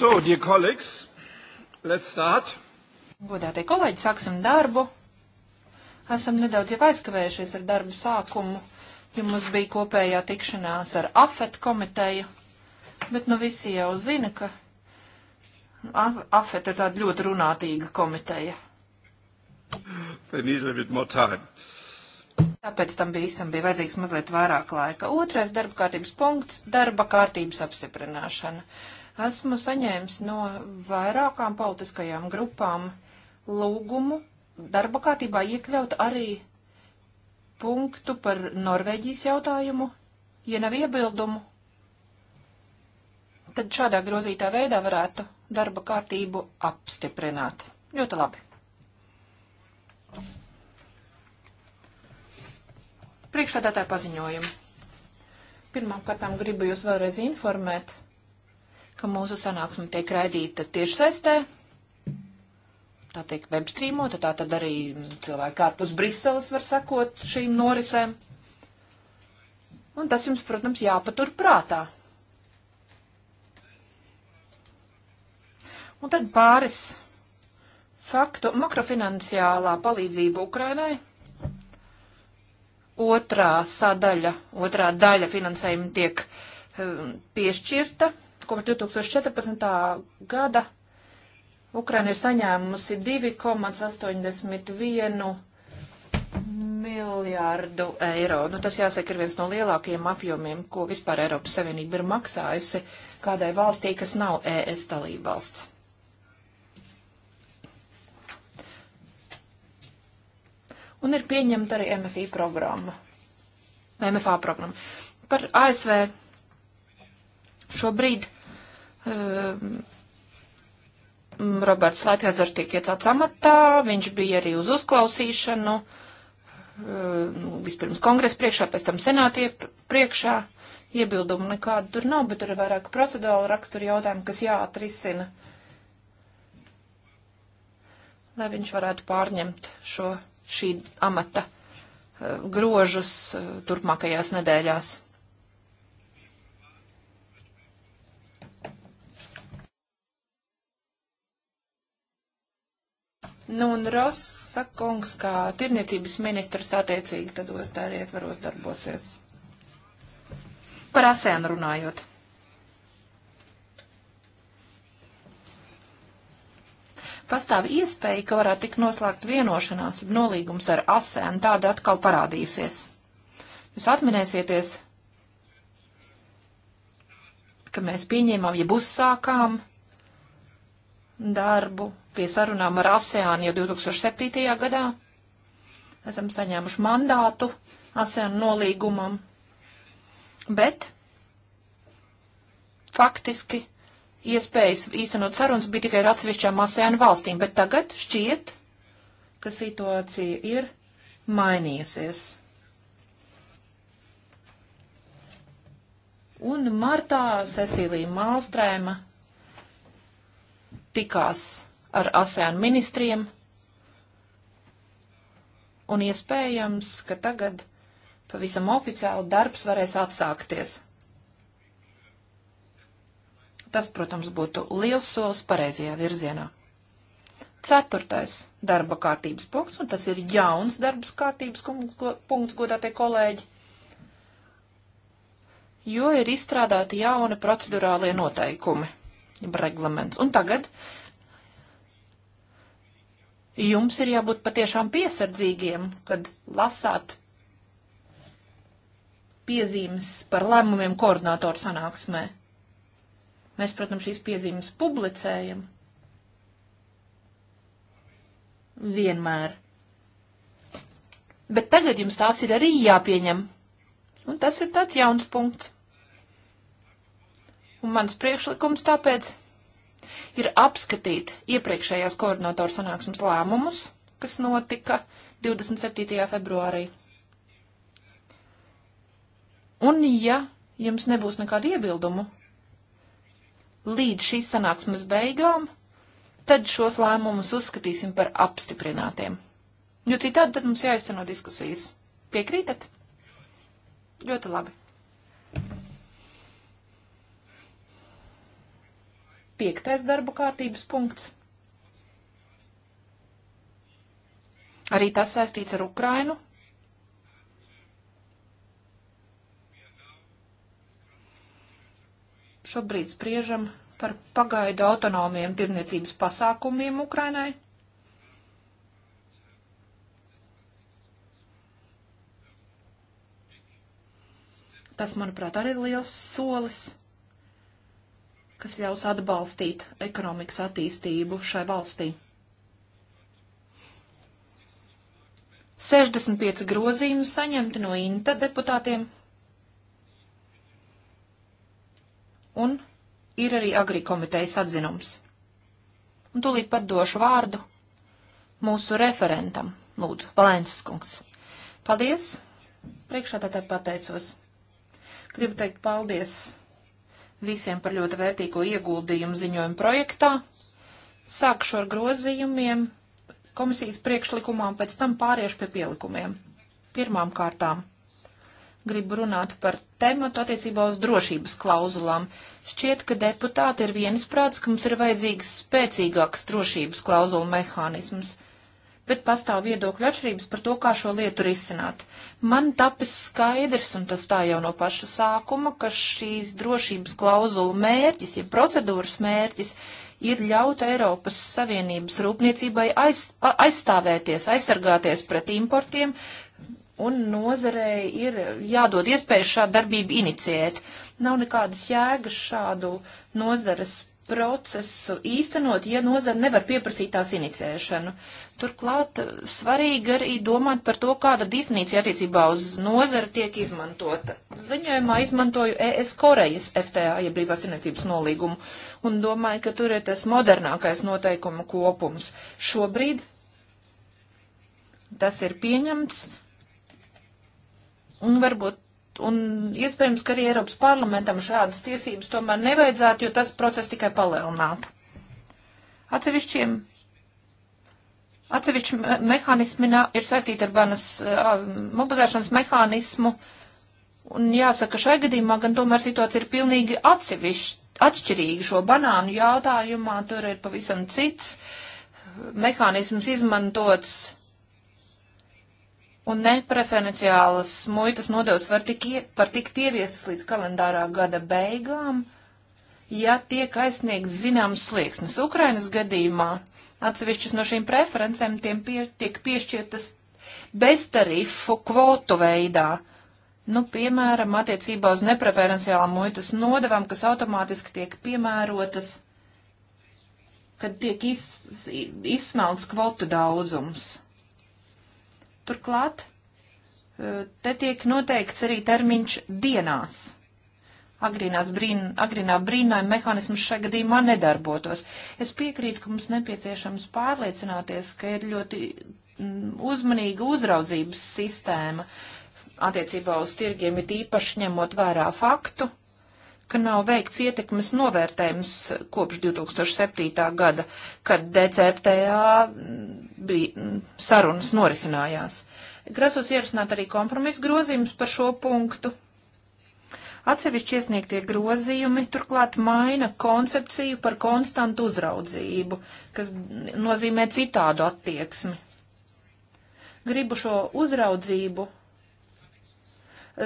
So, dear colleagues, let's start. Godātie kolēģi, sāksim darbu. Esam nedaudz jau aizkavējušies ar darbu sākumu, jo mums bija kopējā tikšanās ar AFET komiteju, bet nu visi jau zina, ka AFET ir tāda ļoti runātīga komiteja. They need a bit more time. Tāpēc tam visam bija vajadzīgs mazliet vairāk laika. Otrais darba kārtības punkts - darba kārtības apstiprināšana. Uh, esmu saņēmis no vairākām politiskajām grupām lūgumu darba kārtībā iekļaut arī punktu par Norvēģijas jautājumu, ja nav iebildumu. Tad šādā grozītā veidā varētu darba kārtību apstiprināt. Ļoti labi. Priekšādātāja paziņojumu. Pirmkārt, gribu jūs vēlreiz informēt, ka mūsu sanāksme tiek raidīta tiešsaistē, tā tiek webstrīmota, tā tad arī cilvēki ārpus Briseles var sekot šīm norisēm. Un tas jums, protams, jāpatur prātā. Un tad pāris faktu makrofinansiālā palīdzība Ukrainai. Otrā sadaļa, otrā daļa finansējuma tiek um, piešķirta kopš 2014. gada Ukraina ir saņēmusi 2,81 miljārdu eiro. Nu, tas jāsaka ir viens no lielākajiem apjomiem, ko vispār Eiropas Savienība ir maksājusi kādai valstī, kas nav ES dalība valsts. Un ir pieņemta arī MFI programma. MFA programma. Par ASV šobrīd Um, Roberts Latvijas tiek iecāts amatā, viņš bija arī uz uzklausīšanu, um, vispirms kongresa priekšā, pēc tam senātie priekšā. Iebildumu nekādu tur nav, bet tur ir vairāk procedūra rakstura jautājumu, kas jāatrisina, lai viņš varētu pārņemt šo šī amata ehm, grožus turpmākajās nedēļās. Nu, un Rosa kungs, kā tirniecības ministrs, attiecīgi tados tā arī ietvaros darbosies. Par asēnu runājot. pastāv iespēja, ka varētu tikt noslēgt vienošanās, nolīgums ar ASEAN, tāda atkal parādīsies. Jūs atminēsieties, ka mēs pieņēmām, ja uzsākām darbu pie sarunām ar ASEAN jau 2007. gadā. Esam saņēmuši mandātu ASEAN nolīgumam, bet faktiski iespējas īstenot sarunas bija tikai ar atsevišķām ASEAN valstīm, bet tagad šķiet, ka situācija ir mainījusies. Un martā Cecīlija Mālstrēma tikās ar ASEAN ministriem, un iespējams, ka tagad pavisam oficiāli darbs varēs atsākties. Tas, protams, būtu liels solis pareizajā virzienā. Ceturtais darba kārtības punkts, un tas ir jauns darbas kārtības punkts, godātie kolēģi, jo ir izstrādāti jauni procedurālie noteikumi, jeb reglaments. Un tagad jums ir jābūt patiešām piesardzīgiem, kad lasāt piezīmes par lēmumiem koordinātoru sanāksmē. Mēs, protams, šīs piezīmes publicējam vienmēr. Bet tagad jums tās ir arī jāpieņem. Un tas ir tāds jauns punkts. Un mans priekšlikums tāpēc ir apskatīt iepriekšējās koordinatoru sanāksmes lēmumus, kas notika 27. februārī. Un ja jums nebūs nekādu iebildumu līdz šīs sanāksmes beigām, tad šos lēmumus uzskatīsim par apstiprinātiem. Jo citādi tad mums jāizceno diskusijas. Piekrītat? Ļoti labi. piektais darba kārtības punkts. Arī tas saistīts ar Ukrainu. Šobrīd spriežam par pagaidu autonomiem tirniecības pasākumiem Ukrainai. Tas, manuprāt, arī ir liels solis kas ļaus atbalstīt ekonomikas attīstību šai valstī. 65 grozījumu saņemti no INTA deputātiem, un ir arī agri komitejas atzinums. Un tūlīt pat došu vārdu mūsu referentam, lūdzu, Valēnsas kungs. Paldies! Priekšā tātad pateicos. Gribu teikt paldies visiem par ļoti vērtīgo ieguldījumu ziņojumu projektā. Sākšu ar grozījumiem komisijas priekšlikumā, pēc tam pāriešu pie pielikumiem. Pirmām kārtām gribu runāt par tematu attiecībā uz drošības klauzulām. Šķiet, ka deputāti ir viensprāts, ka mums ir vajadzīgs spēcīgāks drošības klauzulu mehānisms, bet pastāv viedokļu atšķirības par to, kā šo lietu risināt man tapis skaidrs, un tas tā jau no paša sākuma, ka šīs drošības klauzula mērķis, ja procedūras mērķis, ir ļaut Eiropas Savienības rūpniecībai aiz, aizstāvēties, aizsargāties pret importiem, un nozarei ir jādod iespēju šādu darbību inicijēt. Nav nekādas jēgas šādu nozares procesu īstenot, ja nozara nevar pieprasīt tās inicēšanu. Turklāt eh, svarīgi arī domāt par to, kāda definīcija attiecībā uz nozara tiek izmantota. Ziņojumā izmantoju ES Korejas FTA, ja brīvās tirniecības nolīgumu, un domāju, ka tur ir tas modernākais noteikumu kopums. Šobrīd tas ir pieņemts, un varbūt Un iespējams, ka arī Eiropas parlamentam šādas tiesības tomēr nevajadzētu, jo tas process tikai palielinātu. Atsevišķiem Atsevišķi mehānismi ir saistīti ar bērnas mobilizēšanas mehānismu, un jāsaka, šai gadījumā gan tomēr situācija ir pilnīgi atšķirīga. Šo banānu jautājumā tur ir pavisam cits mehānisms izmantots un nepreferenciālas muitas nodevs var tik, ie, var tikt ieviestas līdz kalendārā gada beigām, ja tiek aizsniegts zināms slieksnis. Ukrainas gadījumā atsevišķas no šīm preferencēm tiem pie, tiek piešķirtas beztarifu kvotu veidā. Nu, piemēram, attiecībā uz nepreferenciālām muitas nodevām, kas automātiski tiek piemērotas, kad tiek iz, izsmelts kvotu daudzums. Turklāt eh, te tiek noteikts arī termiņš dienās. Agrīnās brīn, agrīnā brīnājuma mehānisms šajā gadījumā nedarbotos. Es piekrītu, ka mums nepieciešams pārliecināties, ka ir ļoti mm, uzmanīga uzraudzības sistēma attiecībā uz tirgiem, it īpaši ņemot vērā faktu, ka nav veikts ietekmes novērtējums kopš 2007. gada, kad DCFTA bija sarunas norisinājās. Grasos ierosināt arī kompromisu grozījumus par šo punktu. Atsevišķi iesniegtie grozījumi turklāt maina koncepciju par konstantu uzraudzību, kas nozīmē citādu attieksmi. Gribu šo uzraudzību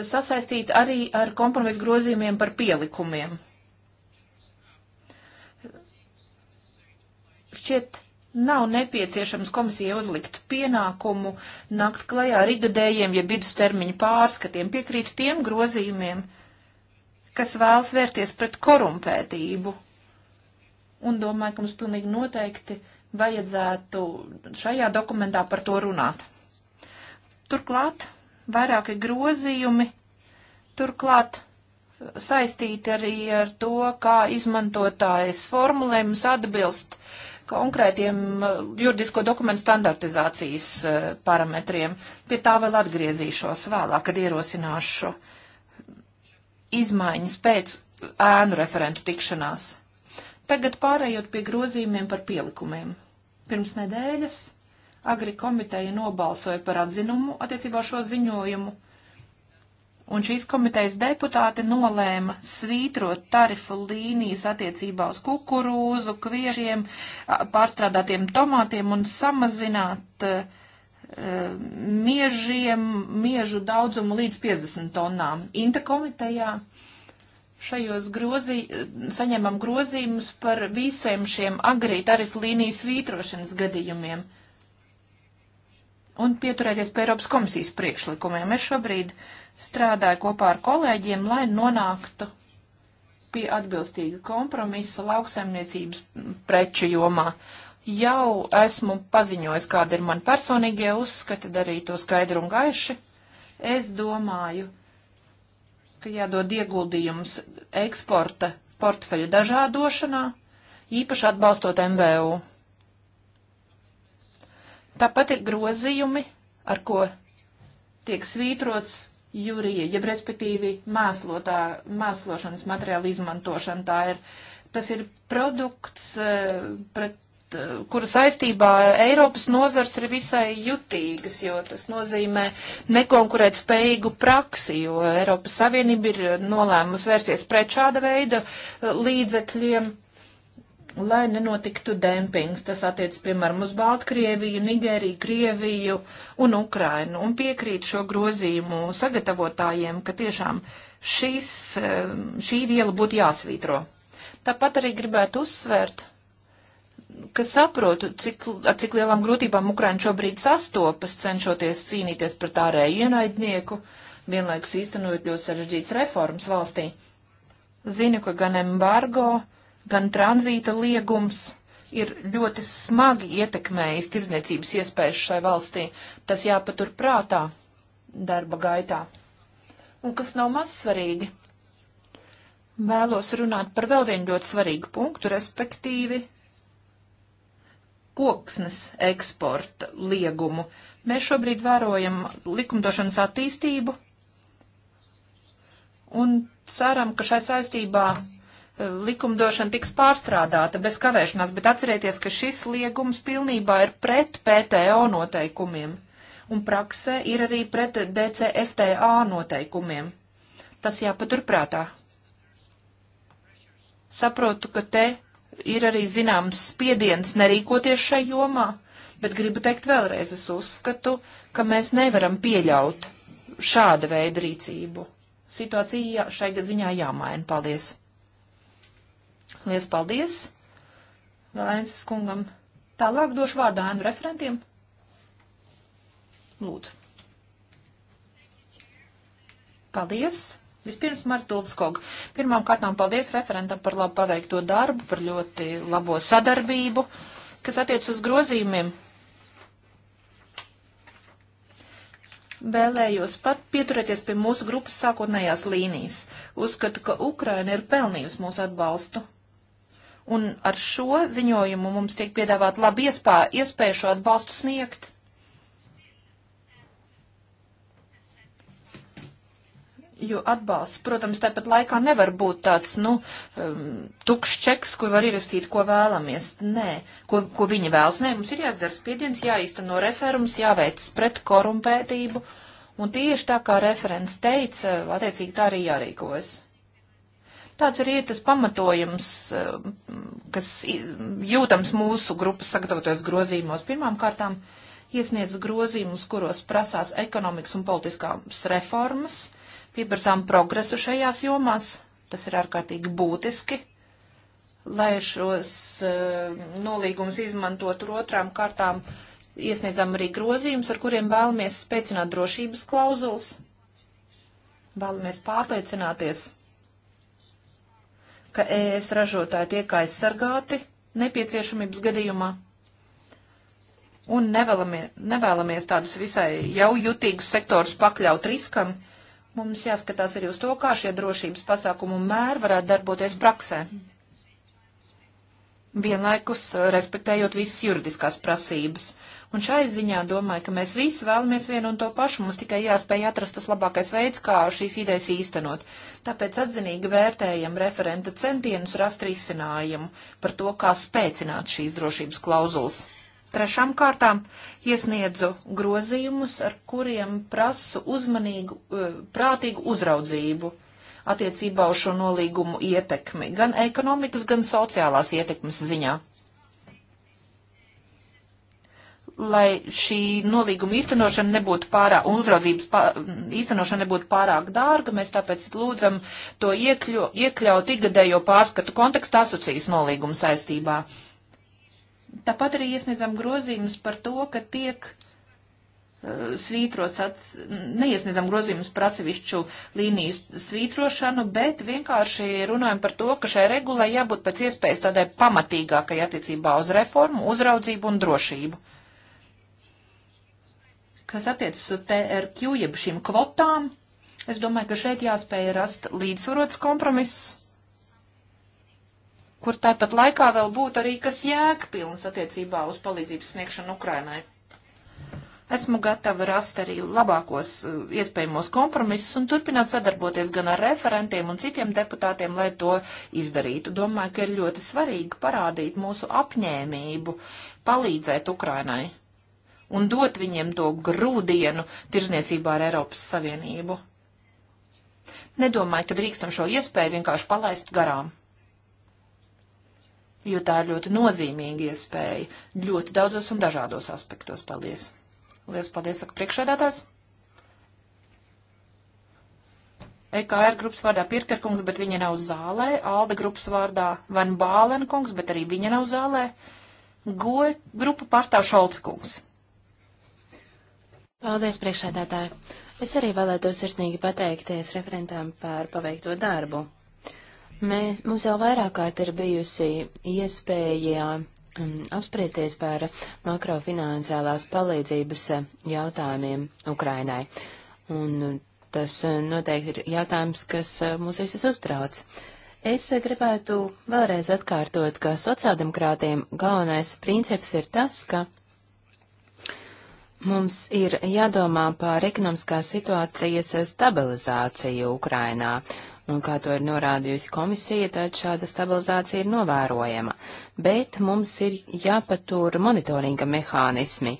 sasaistīt arī ar kompromisu grozījumiem par pielikumiem. Šķiet, nav nepieciešams komisijai uzlikt pienākumu nakt klajā ar igadējiem, ja vidustermiņu pārskatiem piekrītu tiem grozījumiem, kas vēlas vērties pret korumpētību. Un domāju, ka mums pilnīgi noteikti vajadzētu šajā dokumentā par to runāt. Turklāt vairāki grozījumi, turklāt eh, saistīti arī ar to, kā izmantotājas formulējums atbilst konkrētiem eh, juridisko dokumentu standartizācijas eh, parametriem. Pie tā vēl atgriezīšos vēlāk, kad ierosināšu izmaiņas pēc ēnu referentu tikšanās. Tagad pārējot pie grozījumiem par pielikumiem. Pirms nedēļas Agri komiteja nobalsoja par atzinumu attiecībā šo ziņojumu, un šīs komitejas deputāti nolēma svītrot tarifu līnijas attiecībā uz kukurūzu, kviežiem, pārstrādātiem tomātiem un samazināt uh, miežiem, miežu daudzumu līdz 50 tonnām. Inta komitejā šajos grozī, e, saņemam grozījumus par visiem šiem agrī tarifu līnijas svītrošanas gadījumiem. Uh, un pieturēties pie Eiropas komisijas priekšlikumiem. Es šobrīd strādāju kopā ar kolēģiem, lai nonāktu pie atbilstīga kompromisa lauksaimniecības preču jomā. Jau esmu paziņojis, kāda ir man personīgie uzskati, darīju to skaidru un gaiši. Es domāju, ka jādod ieguldījums eksporta portfeļu dažādošanā, īpaši atbalstot MVU. Tāpat ir grozījumi, ar ko tiek svītrots jūrija, jeb respektīvi mēslotā, mēslošanas materiāla izmantošana. Tā ir, tas ir produkts, e, pret, e, kura saistībā Eiropas nozars ir visai jutīgas, jo tas nozīmē nekonkurēt spējīgu praksi, jo Eiropas Savienība ir nolēmusi vērsties pret šāda veida e, līdzekļiem lai nenotiktu dempings. Tas attiec, piemēram, uz Baltkrieviju, Nigēriju, Krieviju un Ukrainu. Un piekrīt šo grozījumu sagatavotājiem, ka tiešām šis, šī viela būtu jāsvītro. Tāpat arī gribētu uzsvērt, ka saprotu, cik, ar cik lielām grūtībām Ukraina šobrīd sastopas, cenšoties cīnīties pret ārēju ienaidnieku, vienlaikus īstenojot ļoti sarežģītas reformas valstī. Zinu, ka gan embargo, uh, gan tranzīta liegums ir ļoti smagi ietekmējis tirdzniecības iespējas šai valstī. Tas jāpatur prātā darba gaitā. Un kas nav maz svarīgi, vēlos runāt par vēl vienu ļoti svarīgu punktu, respektīvi koksnes eksporta liegumu. Mēs šobrīd vērojam likumdošanas attīstību un ceram, ka šai saistībā likumdošana tiks pārstrādāta bez kavēšanās, bet atcerieties, ka šis liegums pilnībā ir pret PTO noteikumiem un praksē ir arī pret DCFTA noteikumiem. Tas jāpaturprātā. Saprotu, ka te ir arī zināms spiediens nerīkoties šai jomā, bet gribu teikt vēlreiz, es uzskatu, ka mēs nevaram pieļaut šāda veida rīcību. Situācija šai ziņā jāmaina. Paldies! Lies paldies Valēnsas kungam. Tālāk došu vārdu ēnu referentiem. Lūdzu. Paldies! Vispirms Martulds Kog. Pirmām kārtām paldies referentam par labu paveikto darbu, par ļoti labo sadarbību, kas attiec uz grozījumiem. Vēlējos pat pieturēties pie mūsu grupas sākotnējās līnijas. Uzskatu, ka Ukraina ir pelnījusi mūsu atbalstu. Un ar šo ziņojumu mums tiek piedāvāt labi iespā, iespēju šo atbalstu sniegt. Jo atbalsts, protams, tāpat laikā nevar būt tāds, nu, um, tukšs čeks, kur var ierakstīt, ko vēlamies. Nē, ko, ko viņi vēlas. Nē, mums ir jāizdara spiediens, jāīsteno referums, jāveic pret korumpētību. Un tieši tā kā referents teica, attiecīgi tā arī jārīkojas. Tāds arī ir tas pamatojums, eh, kas jūtams mūsu grupas sagatavotajos grozījumos. Pirmām kārtām iesniedz grozījumus, kuros prasās ekonomikas un politiskās reformas, pieprasām progresu šajās jomās, tas ir ārkārtīgi būtiski, lai šos uh, nolīgumus izmantotu otrām kārtām, iesniedzam arī grozījumus, ar kuriem vēlamies spēcināt drošības klauzulas, vēlamies pārliecināties, ka ES ražotāji tiek aizsargāti nepieciešamības gadījumā. Un nevēlamie, nevēlamies tādus visai jau jutīgus sektorus pakļaut riskam. Mums jāskatās arī uz to, kā šie drošības pasākumu mēri varētu darboties praksē. Vienlaikus respektējot visas juridiskās prasības Un šai ziņā domāju, ka mēs visi vēlamies vienu un to pašu, mums tikai jāspēj atrast tas labākais veids, kā šīs idejas īstenot. Tāpēc atzinīgi vērtējam referenta centienus rast risinājumu par to, kā spēcināt šīs drošības klauzulas. Trešām kārtām iesniedzu grozījumus, ar kuriem prasu uzmanīgu, eh, prātīgu uzraudzību attiecībā uz šo nolīgumu ietekmi, gan ekonomikas, gan sociālās ietekmes ziņā lai šī nolīguma īstenošana nebūtu pārāk, un uzraudzības pā, īstenošana nebūtu pārāk dārga, mēs tāpēc lūdzam to iekļo, iekļaut igadējo pārskatu kontekstu asociācijas nolīguma saistībā. Tāpat arī iesniedzam grozījumus par to, ka tiek uh, svītrots, ats, neiesniedzam grozījumus par atsevišķu līniju svītrošanu, bet vienkārši runājam par to, ka šai regulai jābūt pēc iespējas tādai pamatīgākai attiecībā uz reformu, uzraudzību un drošību kas attiecas uz TRQ, jeb šīm kvotām, es domāju, ka šeit jāspēj rast līdzsvarots kompromiss, kur tāpat laikā vēl būtu arī kas jēgpilns attiecībā uz palīdzības sniegšanu Ukrainai. Esmu gatava rast arī labākos eh, iespējamos kompromisus un turpināt sadarboties gan ar referentiem un citiem deputātiem, lai to izdarītu. Domāju, ka ir ļoti svarīgi parādīt mūsu apņēmību palīdzēt Ukrainai un dot viņiem to grūdienu tirzniecībā ar Eiropas Savienību. Nedomāju, ka drīkstam šo iespēju vienkārši palaist garām, jo tā ir ļoti nozīmīga iespēja ļoti daudzos un dažādos aspektos. Paldies! Lielas paldies, saka priekšēdātājs! EKR grupas vārdā Pirkerkungs, bet viņa nav zālē, Alda grupas vārdā Van Bālenkungs, bet arī viņa nav zālē, Goja grupa pārstāv Šolcekungs. kungs. Paldies, priekšsēdētāji. Es arī vēlētos sirsnīgi pateikties referentām par paveikto darbu. Mēs, mums jau vairāk kārt ir bijusi iespēja um, apspriesties par makrofinansālās palīdzības jautājumiem Ukrainai. Un tas uh, noteikti ir jautājums, kas uh, mūs visus uztrauc. Es uh, gribētu vēlreiz atkārtot, ka sociāldemokrātiem galvenais princips ir tas, ka Mums ir jādomā par ekonomiskās situācijas stabilizāciju Ukrainā, un kā to ir norādījusi komisija, tad šāda stabilizācija ir novērojama. Bet mums ir jāpatur monitoringa mehānismi.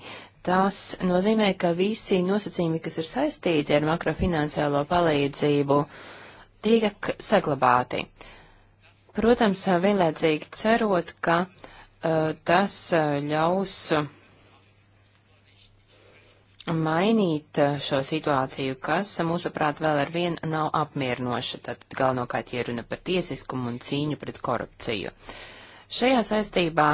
Tas nozīmē, ka visi nosacījumi, kas ir saistīti ar makrofinansiālo palīdzību, tiek saglabāti. Protams, vienlaicīgi cerot, ka uh, tas uh, ļaus mainīt eh, šo situāciju, kas, eh, mūsuprāt, vēl ar vien nav apmierinoša, tad galvenokārt ieruna par tiesiskumu un cīņu pret korupciju. Šajā saistībā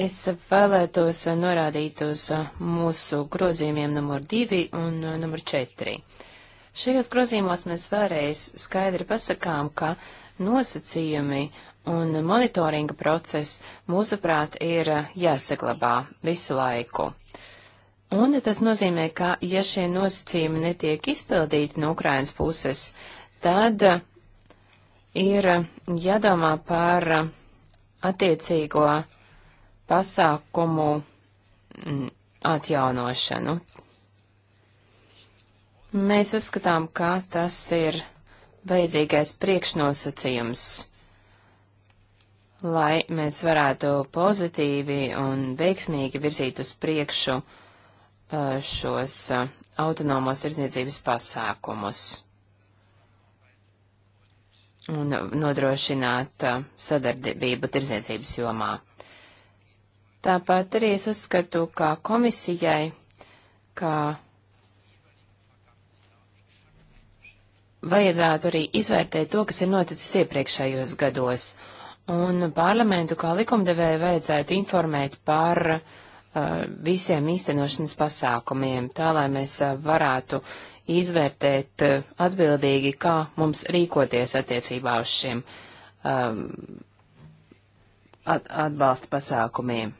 es vēlētos eh, norādīt uz mūsu grozījumiem numur 2 un numur 4. Šajos grozījumos mēs vēlreiz skaidri pasakām, ka nosacījumi un monitoringa process, mūsuprāt, ir jāsaglabā visu laiku. Uh, Un tas nozīmē, ka ja šie nosacījumi netiek izpildīti no Ukrainas puses, tad uh, ir uh, jādomā par uh, attiecīgo pasākumu mm, atjaunošanu. Mēs uzskatām, ka tas ir vajadzīgais priekšnosacījums, lai mēs varētu pozitīvi un veiksmīgi virzīt uz priekšu uh, šos autonomos tirdzniecības pasākumus un nodrošināt sadarbību tirdzniecības jomā. Tāpat arī es uzskatu, kā komisijai, ka vajadzētu arī izvērtēt to, kas ir noticis iepriekšējos gados, un parlamentu kā likumdevēju vajadzētu informēt par uh, visiem īstenošanas pasākumiem, tā lai mēs varētu izvērtēt atbildīgi, kā mums rīkoties attiecībā uz šiem at atbalsta pasākumiem.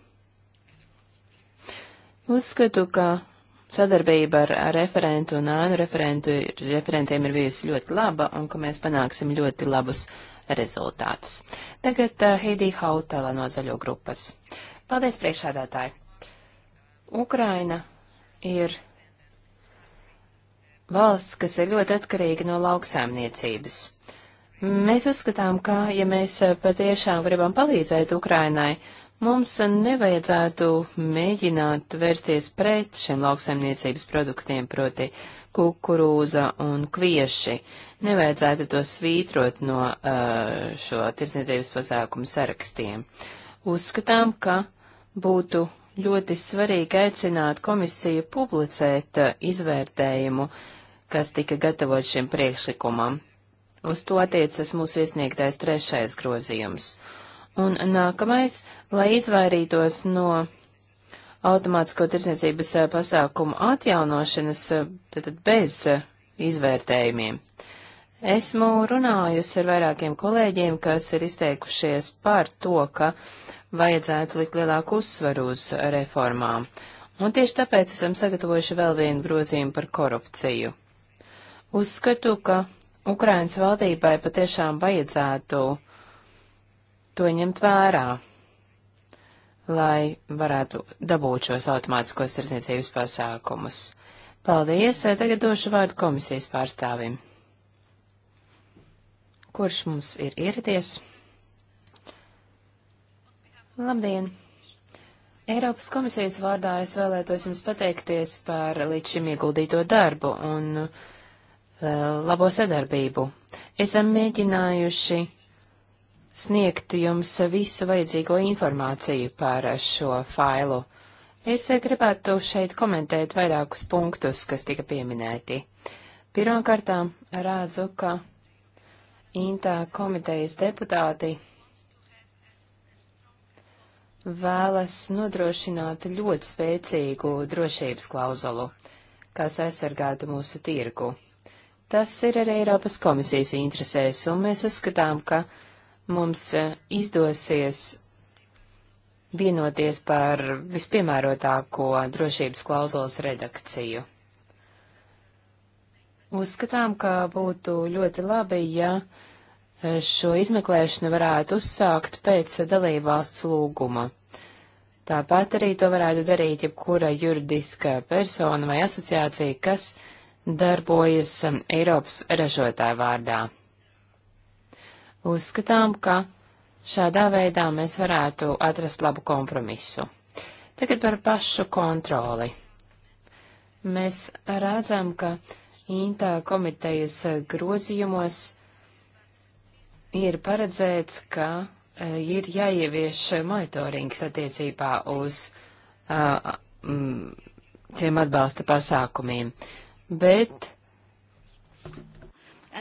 Uzskatu, ka sadarbība ar, ar referentu un ānu referentu, referentiem ir bijusi ļoti laba un ka mēs panāksim ļoti labus rezultātus. Tagad uh, Heidī Hautala no Zaļo grupas. Paldies, priekšādātāji! Ukraina ir valsts, kas ir ļoti atkarīga no lauksēmniecības. Mēs uzskatām, ka, ja mēs patiešām gribam palīdzēt Ukrainai, mums nevajadzētu mēģināt vērsties pret šiem lauksaimniecības produktiem, proti kukurūza un kvieši. Nevajadzētu to svītrot no uh, šo tirdzniecības pasākumu sarakstiem. Uzskatām, ka būtu ļoti svarīgi aicināt komisiju publicēt eh, izvērtējumu, kas tika gatavot šim priekšlikumam. Uz to attiecas mūsu iesniegtais trešais grozījums. Un nākamais, lai izvairītos no automātisko tirsniecības eh, pasākumu atjaunošanas, eh, tad bez izvērtējumiem. Esmu runājusi ar vairākiem kolēģiem, kas ir izteikušies par to, ka vajadzētu likt lielāku uzsvaru uz reformām, un tieši tāpēc esam sagatavojuši vēl vienu grozījumu par korupciju. Uzskatu, ka Ukrainas valdībai patiešām vajadzētu to ņemt vērā, lai varētu dabūt šos automātiskos sirdsniecības pasākumus. Paldies, tagad došu vārdu komisijas pārstāvim. Kurš mums ir ieradies? Labdien! Eiropas komisijas vārdā es vēlētos jums pateikties par līdz šim ieguldīto darbu un uh, labo sadarbību. Esam mēģinājuši sniegt jums visu vajadzīgo informāciju par šo failu. Es gribētu šeit komentēt vairākus punktus, kas tika pieminēti. Pirmkārtām rādzu, ka Intā komitejas deputāti vēlas nodrošināt ļoti spēcīgu drošības klauzulu, kas aizsargātu mūsu tirgu. Tas ir arī Eiropas komisijas interesēs, un mēs uzskatām, ka mums eh, izdosies vienoties par vispiemērotāko drošības klauzulas redakciju. Uzskatām, ka būtu ļoti labi, ja šo izmeklēšanu varētu uzsākt pēc dalībvalsts lūguma. Tāpat arī to varētu darīt jebkura juridiska persona vai asociācija, kas darbojas um, Eiropas ražotāju vārdā. Uzskatām, ka šādā veidā mēs varētu atrast labu kompromisu. Tagad par pašu kontroli. Mēs redzam, ka Intā komitejas uh, grozījumos ir paredzēts, ka e, ir jāievieš monitorings attiecībā uz uh, šiem atbalsta pasākumiem, bet.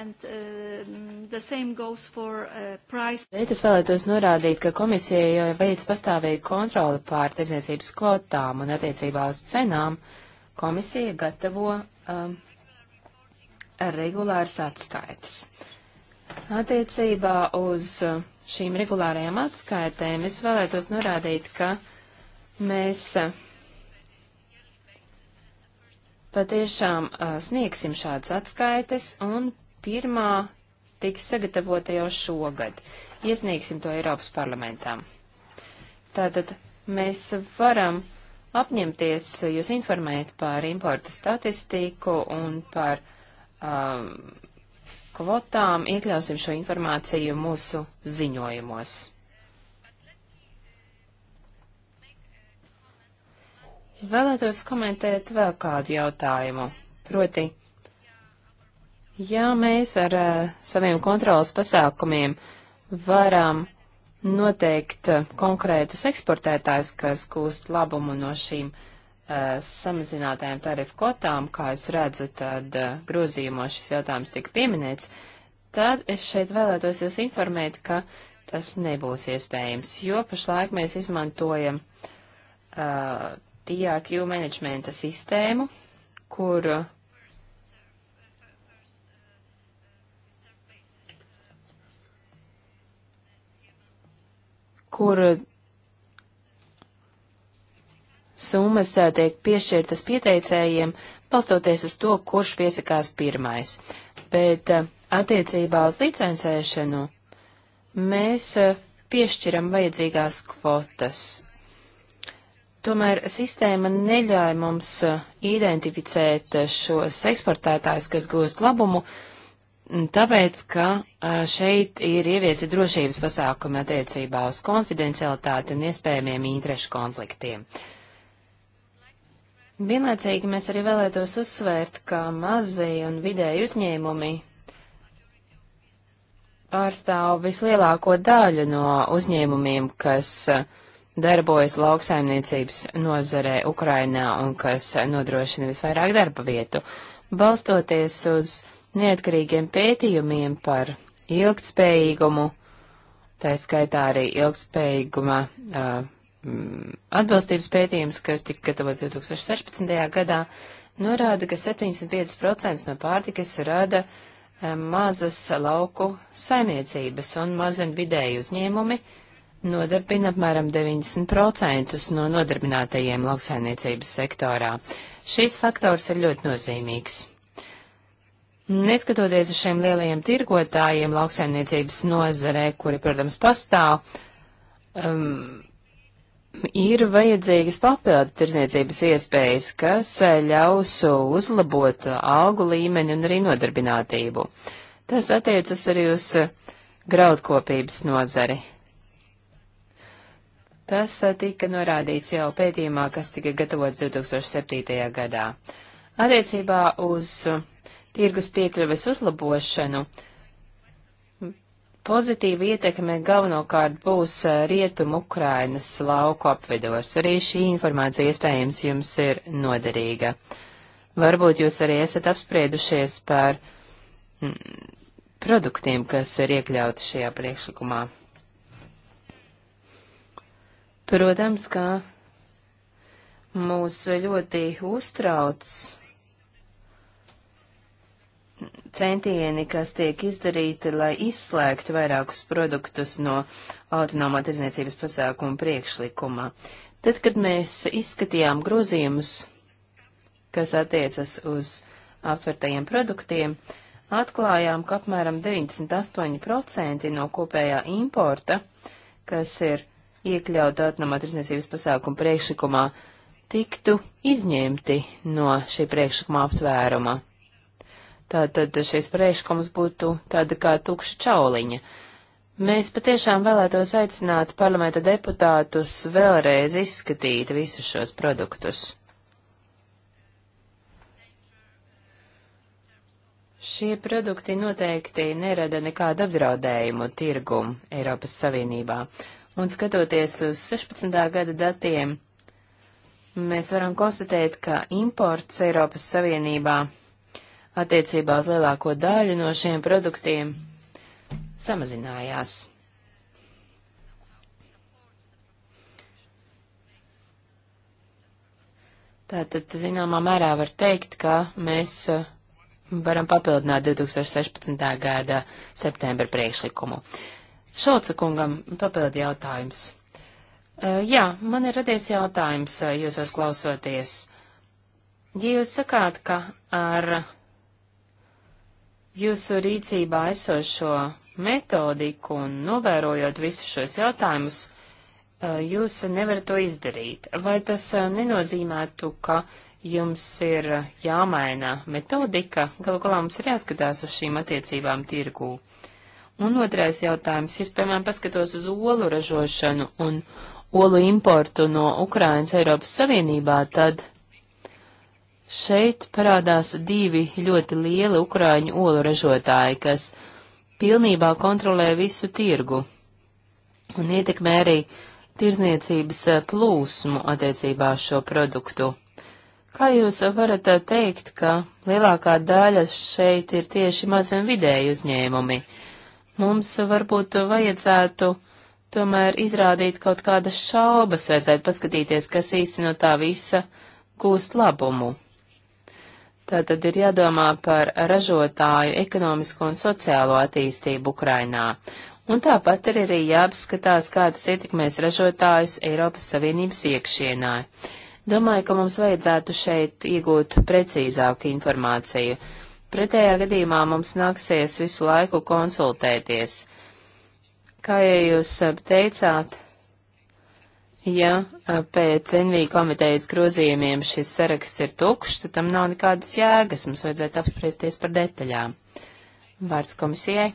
And, uh, for, uh, bet es vēlētos norādīt, ka komisija jau veids pastāvīgu kontroli pār tirdzniecības kvotām un attiecībā uz cenām. Komisija gatavo um, regulāras atskaitas. Uh, Attiecībā uz uh, šīm regulārajām atskaitēm es vēlētos norādīt, ka mēs uh, patiešām uh, sniegsim šādas atskaites un pirmā tiks sagatavota jau šogad. Iesniegsim to Eiropas parlamentām. Tātad mēs varam apņemties jūs informēt par importa statistiku un par um, kvotām, iekļausim šo informāciju mūsu ziņojumos. Vēlētos komentēt vēl kādu jautājumu. Proti, ja mēs ar uh, saviem kontrolas pasākumiem varam noteikt eh, konkrētus eksportētājus, kas gūst labumu no šīm uh, Eh, samazinātajām tarifu kotām, kā es redzu, tad eh, grozījumos šis jautājums tika pieminēts, tad es šeit vēlētos jūs informēt, ka tas nebūs iespējams, jo pašlaik mēs izmantojam uh, eh, TRQ menedžmenta sistēmu, kur kur summas tiek piešķirtas pieteicējiem, balstoties uz to, kurš piesakās pirmais. Bet attiecībā uz licencēšanu mēs piešķiram vajadzīgās kvotas. Tomēr sistēma neļauj mums identificēt šos eksportētājus, kas gūst labumu, tāpēc, ka šeit ir ieviesi drošības pasākumi attiecībā uz konfidencialitāti un iespējamiem interešu konfliktiem. Uh, Vienlaicīgi mēs arī vēlētos uzsvērt, ka mazie un vidēji uzņēmumi pārstāv vislielāko daļu no uzņēmumiem, kas darbojas lauksaimniecības nozarē Ukrainā un kas nodrošina visvairāk darba vietu. Balstoties uz neatkarīgiem pētījumiem par ilgtspējīgumu, tā skaitā arī ilgtspējīguma uh, Mm, atbilstības pētījums, kas tika gatavots 2016. gadā, norāda, ka 75% no pārtikas rada eh, mazas lauku saimniecības un mazen vidēju uzņēmumi nodarbina apmēram 90% no nodarbinātajiem lauksaimniecības sektorā. Šis faktors ir ļoti nozīmīgs. Neskatoties uz šiem lielajiem tirgotājiem lauksaimniecības nozarē, kuri, protams, pastāv, um, ir vajadzīgas papildu tirzniecības iespējas, kas e, ļaus uzlabot e, algu līmeni un arī nodarbinātību. Tas attiecas arī uz e, graudkopības nozari. Tas tika norādīts jau pētījumā, kas tika gatavots 2007. gadā. Attiecībā uz tirgus piekļuves uzlabošanu Pozitīva ietekme galvenokārt būs eh, rietumu Ukrainas lauku apvidos. Arī šī informācija iespējams jums ir noderīga. Varbūt jūs arī esat apspriedušies par mm, produktiem, kas ir iekļauti šajā priekšlikumā. Protams, ka mūs ļoti uztrauc centieni, kas tiek izdarīti, lai izslēgtu vairākus produktus no autonomā tirdzniecības pasākuma priekšlikuma. Tad, kad mēs izskatījām grozījumus, kas attiecas uz aptvertajiem produktiem, atklājām, ka apmēram 98% no kopējā importa, kas ir iekļauta autonomā tirdzniecības pasākuma priekšlikumā, tiktu izņemti no šī priekšlikuma aptvēruma. Tātad šis priekšlikums būtu tāda kā tukša čauliņa. Mēs patiešām vēlētos aicināt parlamenta deputātus vēlreiz izskatīt visus šos produktus. Šie produkti noteikti nerada nekādu apdraudējumu tirgumu Eiropas Savienībā. Un skatoties uz 16. gada datiem, mēs varam konstatēt, ka imports Eiropas Savienībā attiecībā uz lielāko daļu no šiem produktiem samazinājās. Tātad, zināmā mērā var teikt, ka mēs uh, varam papildināt 2016. gada septembra priekšlikumu. Šauca kungam papildi jautājums. Uh, jā, man ir radies jautājums uh, jūsos klausoties. Ja jūs sakāt, ka ar jūsu rīcībā esošo metodiku un novērojot visus šos jautājumus, eh, jūs nevarat to izdarīt. Vai tas eh, nenozīmētu, ka jums ir eh, jāmaina metodika, galu galā mums ir jāskatās uz šīm attiecībām tirgū? Un otrais jautājums, es, piemēram, paskatos uz olu ražošanu un olu importu no Ukrainas Eiropas Savienībā, tad Šeit parādās divi ļoti lieli ukrāņu olu ražotāji, kas pilnībā kontrolē visu tirgu un ietekmē arī tirzniecības eh, plūsmu attiecībā uz šo produktu. Kā jūs varat eh, teikt, ka lielākā daļa šeit ir tieši mazi un vidēji uzņēmumi? Mums varbūt vajadzētu tomēr izrādīt kaut kādas šaubas, vajadzētu paskatīties, kas īsti no tā visa gūst labumu. Tātad ir jādomā par ražotāju ekonomisko un sociālo attīstību Ukrainā. Un tāpat ir arī jāapskatās, kā tas ietekmēs ražotājus Eiropas Savienības iekšienā. Domāju, ka mums vajadzētu šeit iegūt precīzāku informāciju. Pretējā gadījumā mums nāksies visu laiku konsultēties. Kā jau jūs eh, teicāt, Ja pēc NV komitejas grozījumiem šis saraksts ir tukšs, tad tam nav nekādas jēgas, mums vajadzētu apspriesties par detaļām. Vārds komisijai.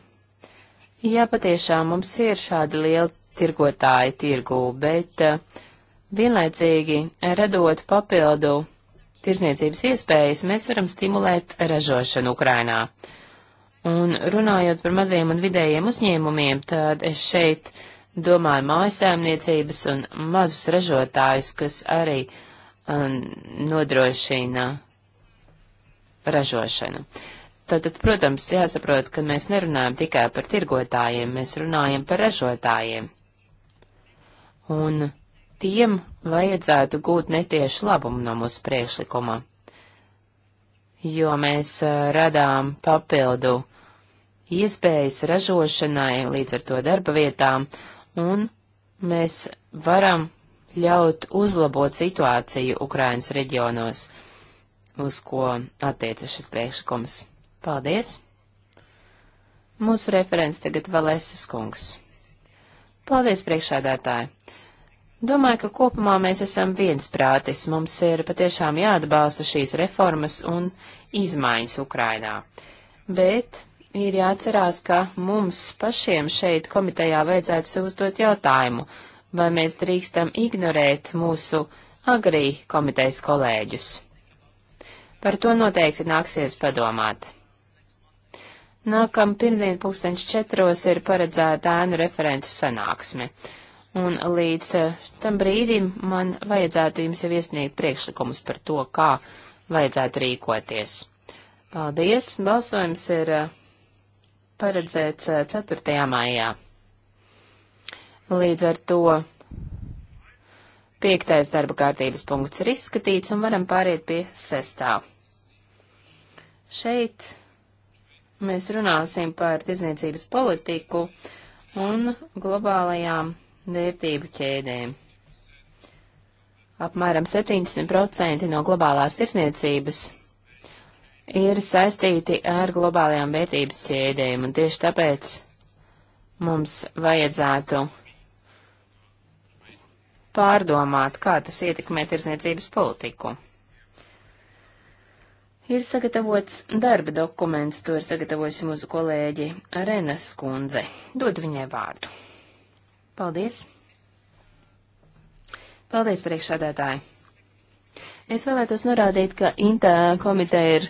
Jā, patiešām mums ir šādi lieli tirgotāji tirgū, bet uh, vienlaicīgi radot papildu tirzniecības iespējas, mēs varam stimulēt ražošanu Ukrainā. Un runājot par maziem un vidējiem uzņēmumiem, tad es šeit domāju mājasēmniecības un mazus ražotājus, kas arī um, nodrošina ražošanu. Tātad, protams, jāsaprot, ka mēs nerunājam tikai par tirgotājiem, mēs runājam par ražotājiem. Un tiem vajadzētu gūt netiešu labumu no mūsu priekšlikuma, jo mēs uh, radām papildu iespējas ražošanai, līdz ar to darba vietām, uh, un mēs varam ļaut uzlabot situāciju Ukrainas reģionos, uz ko attiecas šis priekšlikums. Paldies! Mūsu referents tagad Valēsas kungs. Paldies, priekšādātāji! Domāju, ka kopumā mēs esam viensprātis. Mums ir patiešām jāatbalsta šīs reformas un izmaiņas Ukrainā. Bet ir jāatcerās, ka mums pašiem šeit komitejā vajadzētu sev uzdot jautājumu, vai mēs drīkstam ignorēt mūsu agrī komitejas kolēģus. Par to noteikti nāksies padomāt. Nākam pirmdien pulkstenš četros ir paredzēta ēnu referentu sanāksme, un līdz eh, tam brīdim man vajadzētu jums jau iesniegt priekšlikumus par to, kā vajadzētu rīkoties. Paldies, balsojums ir eh, paredzēts 4. Eh, maijā. Līdz ar to piektais darba kārtības punkts ir izskatīts un varam pāriet pie sestā. Šeit mēs runāsim par tirdzniecības politiku un globālajām vērtību ķēdēm. Apmēram 70% no globālās tirdzniecības ir saistīti ar globālajām vērtības ķēdēm, un tieši tāpēc mums vajadzētu pārdomāt, kā tas ietekmē tirsniecības politiku. Ir sagatavots darba dokuments, to ir sagatavojusi mūsu kolēģi Renas Kundze. Dod viņai vārdu. Paldies! Paldies, priekšsādētāji! Es vēlētos norādīt, ka INTA komiteja ir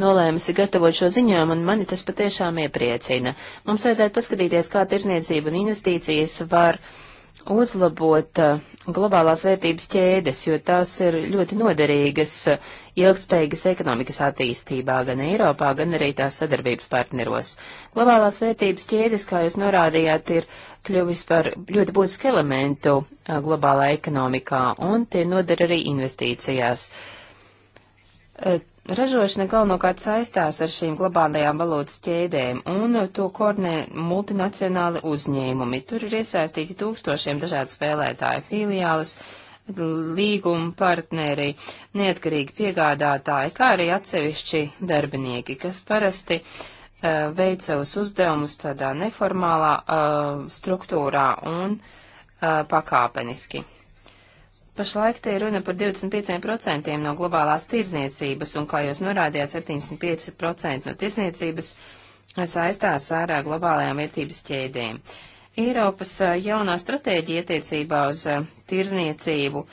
nolēmusi gatavot šo ziņojumu, un mani tas patiešām iepriecina. Mums vajadzētu paskatīties, kā tirzniecība un investīcijas var uzlabot uh, globālās vērtības ķēdes, jo tās ir ļoti noderīgas uh, ilgspējīgas ekonomikas attīstībā gan Eiropā, gan arī tās sadarbības partneros. Globālās vērtības ķēdes, kā jūs norādījāt, ir kļuvis par ļoti būtisku elementu uh, globālā ekonomikā, un tie noder arī investīcijās Ražošana galvenokārt saistās ar šīm globālajām valūtas ķēdēm, un to koordinē multinacionāli uzņēmumi. Tur ir iesaistīti tūkstošiem dažādu spēlētāju filiālis, līguma partneri, neatkarīgi piegādātāji, kā arī atsevišķi darbinieki, kas parasti uh, veic savus uzdevumus tādā neformālā uh, struktūrā un uh, pakāpeniski. Pašlaik te ir runa par 25% no globālās tirzniecības, un, kā jūs norādījāt, 75% no tirzniecības saistās ar globālajām vērtības ķēdēm. Eiropas jaunā stratēģija attiecībā uz tirzniecību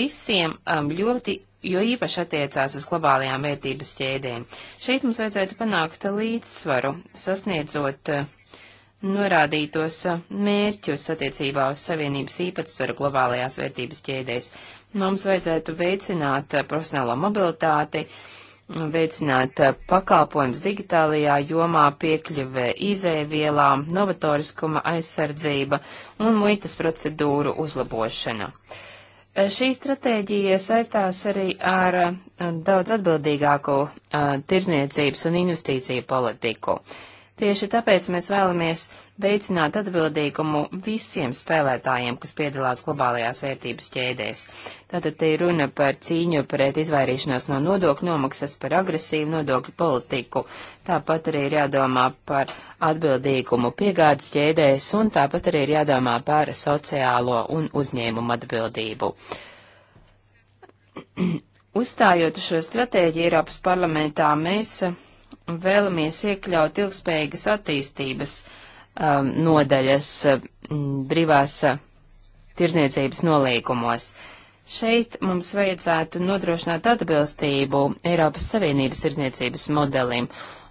visiem ļoti, jo īpaši attiecās uz globālajām vērtības ķēdēm. Šeit mums vajadzētu panākt līdzsvaru, sasniedzot uh, norādītos mērķus attiecībā uz Savienības īpatsvaru globālajās vērtības ķēdēs. Mums vajadzētu veicināt profesionālo mobilitāti, veicināt pakalpojumus digitālajā jomā, piekļuve izēvielām, novatoriskuma aizsardzība un muitas procedūru uzlabošana. Šī stratēģija saistās arī ar daudz atbildīgāku tirzniecības un investīciju politiku. Uh, Tieši tāpēc mēs vēlamies veicināt atbildīgumu visiem spēlētājiem, kas piedalās globālajās vērtības ķēdēs. Tātad te ir runa par cīņu pret izvairīšanos no nodokļu nomaksas, par agresīvu nodokļu politiku. Tāpat arī ir jādomā par atbildīgumu piegādes ķēdēs un tāpat arī ir jādomā par sociālo un uzņēmumu atbildību. Uzstājot šo stratēģiju Eiropas parlamentā, mēs vēlamies iekļaut ilgspējīgas attīstības um, nodaļas um, brīvās uh, tirzniecības nolīgumos. Šeit mums vajadzētu nodrošināt atbilstību Eiropas Savienības tirzniecības modelim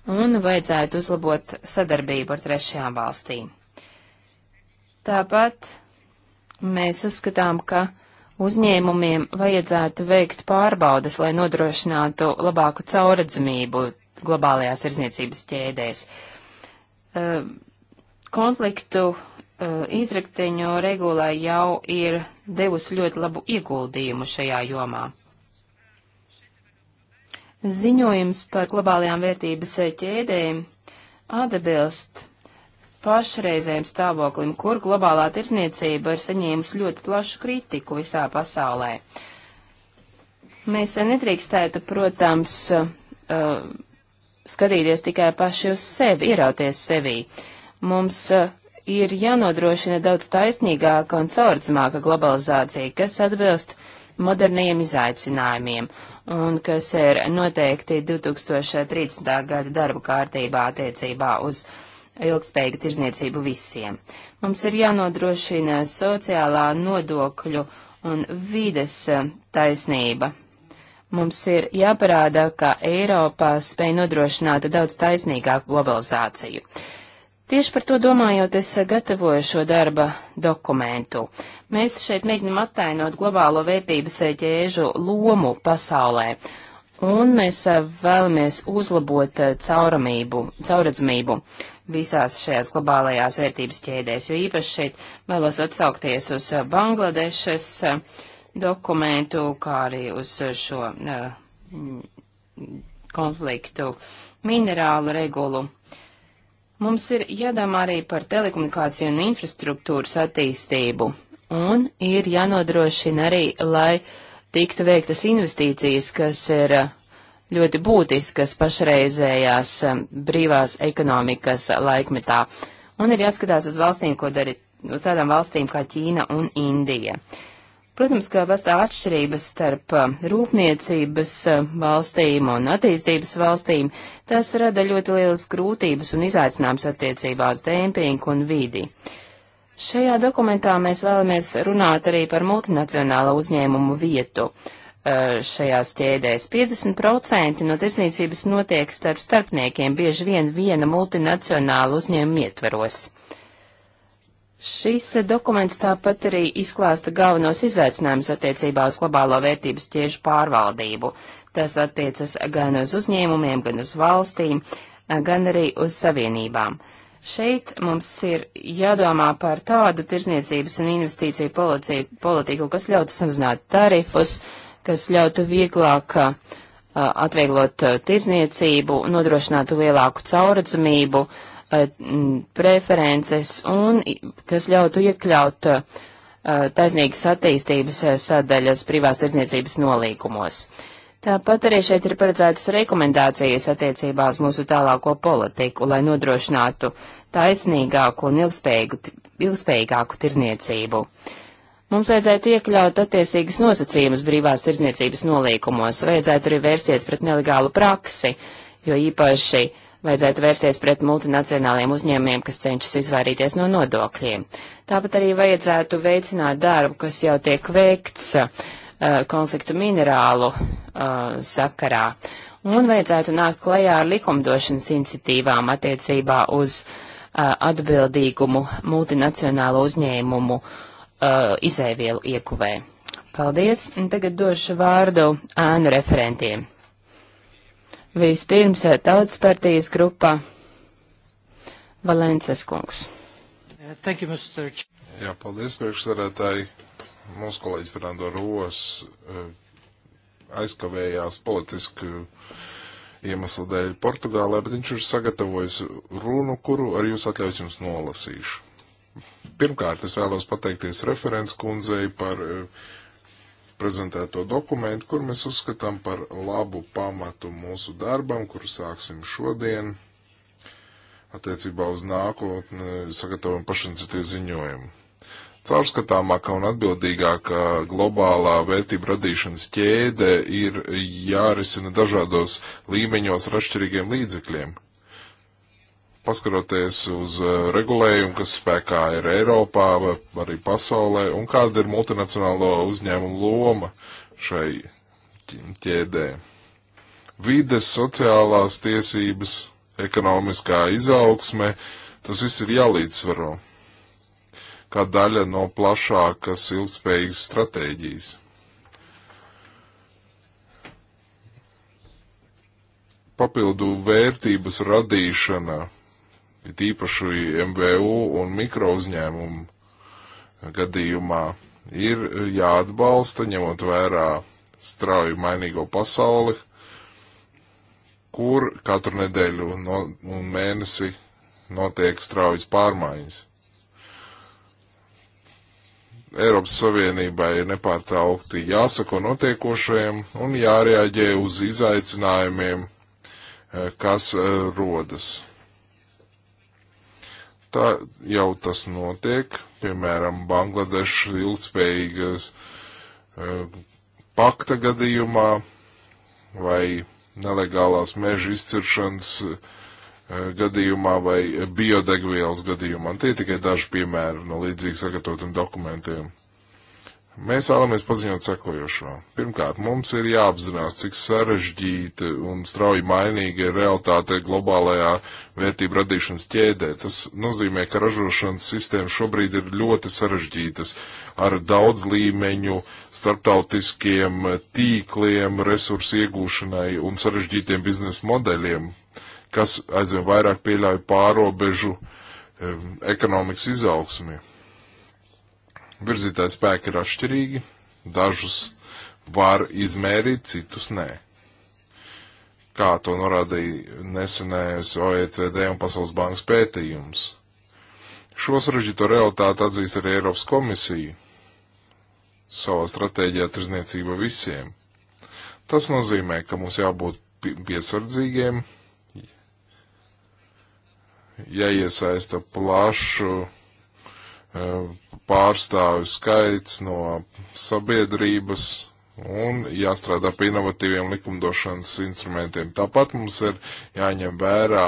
un vajadzētu uzlabot sadarbību ar trešajām valstīm. Tāpat mēs uzskatām, ka uzņēmumiem vajadzētu veikt pārbaudas, lai nodrošinātu labāku cauradzamību globālajās tirzniecības ķēdēs. Konfliktu izrakteņu regulā jau ir devusi ļoti labu ieguldījumu šajā jomā. Ziņojums par globālajām vērtības ķēdēm atbilst pašreizējiem stāvoklim, kur globālā tirsniecība ir saņēmusi ļoti plašu kritiku visā pasaulē. Mēs nedrīkstētu, protams, uh, skatīties tikai paši uz sevi, ierauties sevī. Mums uh, ir jānodrošina daudz taisnīgāka un caurdzamāka globalizācija, kas atbilst moderniem izaicinājumiem un kas ir noteikti 2030. gada darba kārtībā attiecībā uz ilgspējīgu tirzniecību visiem. Mums ir jānodrošina sociālā nodokļu un vides eh, taisnība Mums ir jāparāda, ka Eiropā spēj nodrošināt daudz taisnīgāku globalizāciju. Tieši par to domājot, es gatavoju šo darba dokumentu. Mēs šeit mēģinam attainot globālo vērtības ķēžu lomu pasaulē, un mēs vēlamies uzlabot cauramību, cauradzmību visās šajās globālajās vērtības ķēdēs, jo īpaši šeit vēlos atsaukties uz Bangladešas dokumentu, kā arī uz šo eh, konfliktu minerālu regulu. Mums ir jādomā arī par telekomunikāciju un infrastruktūras attīstību, un ir jānodrošina arī, lai tiktu veiktas investīcijas, kas ir eh, ļoti būtiskas pašreizējās eh, brīvās ekonomikas laikmetā, un ir jāskatās uz valstīm, ko darīt, uz tādām valstīm kā Ķīna un Indija. Uh, Protams, ka pastāv atšķirības starp uh, rūpniecības uh, valstīm un attīstības valstīm. Tas rada ļoti lielas grūtības un izaicinājums attiecībā uz dēmpingu un vidi. Šajā dokumentā mēs vēlamies runāt arī par multinacionālo uzņēmumu vietu. Uh, šajās ķēdēs 50% no tirsniecības notiek starp starpniekiem, bieži vien viena multinacionāla uzņēmuma ietveros. Šis dokuments tāpat arī izklāsta galvenos izaicinājumus attiecībā uz globālo vērtības ķiežu pārvaldību. Tas attiecas gan uz uzņēmumiem, gan uz valstīm, gan arī uz savienībām. Šeit mums ir jādomā par tādu tirzniecības un investīciju policiju, politiku, kas ļautu samazināt tarifus, kas ļautu vieglāk uh, atvieglot uh, tirzniecību, nodrošinātu lielāku caurredzamību, uh, Eh, preferences un kas ļautu iekļaut eh, taisnīgas attīstības eh, sadaļas privās tirdzniecības nolīkumos. Tāpat arī šeit ir paredzētas rekomendācijas attiecībā uz mūsu tālāko politiku, lai nodrošinātu taisnīgāku un ilgspējīgāku tirzniecību. Mums vajadzētu iekļaut attiecīgas nosacījumus brīvās tirzniecības nolīkumos, vajadzētu arī vērsties pret nelegālu praksi, jo īpaši uh, vajadzētu vērsties pret multinacionāliem uzņēmumiem, kas cenšas izvairīties no nodokļiem. Tāpat arī vajadzētu veicināt darbu, kas jau tiek veikts uh, konfliktu minerālu uh, sakarā. Un vajadzētu nākt klajā ar likumdošanas iniciatīvām attiecībā uz uh, atbildīgumu multinacionālu uzņēmumu uh, izēvielu iekuvē. Paldies, un tagad došu vārdu ēnu referentiem. Vispirms eh, tautas partijas grupa Valences kungs. Uh, thank you, Mr. Jā, paldies, priekšsarētāji. Mūsu kolēģis Fernando Ros eh, aizkavējās politisku iemeslu dēļ Portugālē, bet viņš ir sagatavojis runu, kuru ar jūs atļaus jums nolasīšu. Pirmkārt, es vēlos pateikties referents kundzei par uh, prezentēto dokumentu, kur mēs uzskatām par labu pamatu mūsu darbam, kuru sāksim šodien attiecībā uz nākotni, sagatavojam pašiniciatīvu ziņojumu. Caurskatāmākā un atbildīgākā globālā vērtība radīšanas ķēde ir jārisina dažādos līmeņos ar atšķirīgiem līdzekļiem, paskaroties uz uh, regulējumu, kas spēkā ir Eiropā vai arī pasaulē, un kāda ir multinacionālo uzņēmumu loma šai ķēdē. Vides, sociālās tiesības, ekonomiskā izaugsme, tas viss ir jālīdzsvaro kā daļa no plašākas ilgspējīgas stratēģijas. Papildu vērtības radīšana it īpaši MVU un mikro uzņēmumu gadījumā, ir jāatbalsta, ņemot vērā strauju mainīgo pasauli, kur katru nedēļu no, un mēnesi notiek straujas pārmaiņas. Eiropas Savienībai ir nepārtraukti jāsako notiekošajiem un jārēģē uz izaicinājumiem, eh, kas eh, rodas. Tā jau tas notiek, piemēram, Bangladešas ilgspējīgas e, pakta gadījumā vai nelegālās meža izciršanas e, gadījumā vai biodegvielas gadījumā. Un tie ir tikai daži piemēri no līdzīgi sagatavotiem dokumentiem. Mēs vēlamies paziņot sekojošo. Pirmkārt, mums ir jāapzinās, cik sarežģīta un strauji mainīga ir realitāte globālajā vērtību radīšanas ķēdē. Tas nozīmē, ka ražošanas sistēmas šobrīd ir ļoti sarežģītas ar daudz līmeņu, starptautiskiem tīkliem, resursu iegūšanai un sarežģītiem biznesa modeļiem, kas aizvien vairāk pieļauj pārobežu um, ekonomikas izaugsmiem Virzītāji spēki ir atšķirīgi, dažus var izmērīt, citus nē. Kā to norādīja nesenējais OECD un Pasaules bankas pētījums. Šo sarežģīto realitāti atzīst arī Eiropas komisija savā stratēģijā tirzniecība visiem. Tas nozīmē, ka mums jābūt piesardzīgiem, jāiesaista plašu uh, pārstāvju skaits no sabiedrības un jāstrādā pie inovatīviem likumdošanas instrumentiem. Tāpat mums ir jāņem vērā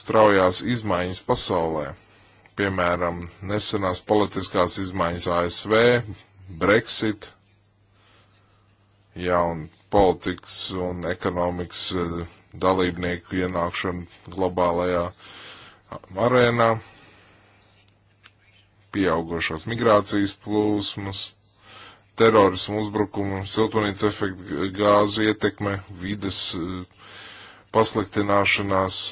straujās izmaiņas pasaulē. Piemēram, nesenās politiskās izmaiņas ASV, Brexit, jauna politikas un ekonomikas eh, dalībnieku ienākšana globālajā arēnā pieaugušās migrācijas plūsmas, terorismu uzbrukumu, siltumnīca efekta gāzu ietekme, vides eh, pasliktināšanās.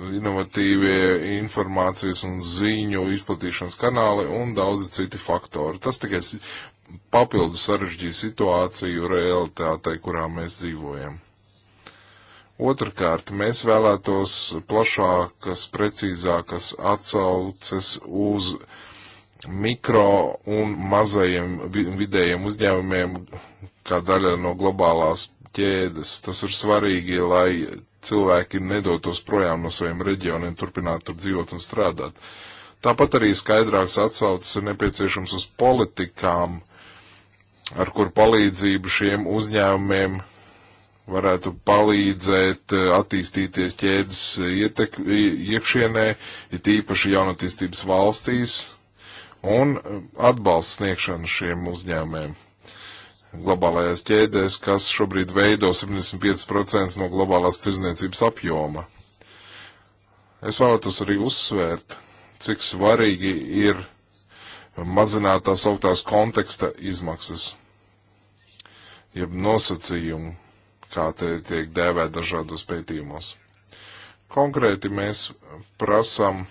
inovatīvie informācijas un ziņu izplatīšanas kanāli un daudzi citi faktori. Tas tikai papildu sarežģīja situāciju realitātei, kurā mēs dzīvojam. Otrkārt, mēs vēlētos plašākas, precīzākas atsauces uz mikro un mazajiem vidējiem uzņēmumiem kā daļa no globālās ķēdes. Tas ir svarīgi, lai cilvēki nedotos projām no saviem reģioniem, turpinātu tur dzīvot un strādāt. Tāpat arī skaidrāks atsaucis ir nepieciešams uz politikām, ar kur palīdzību šiem uzņēmumiem varētu palīdzēt eh, attīstīties ķēdes eh, ietek, iekšienē, ir tīpaši jaunatīstības valstīs, un eh, atbalsts sniegšana šiem uzņēmējiem globālajās ķēdēs, kas šobrīd veido 75% no globālās tirzniecības apjoma. Es vēlētos arī uzsvērt, cik svarīgi ir mazināt tās augtās konteksta izmaksas, jeb nosacījumu kā te tiek dēvēt dažādos pētījumos. Konkrēti mēs prasam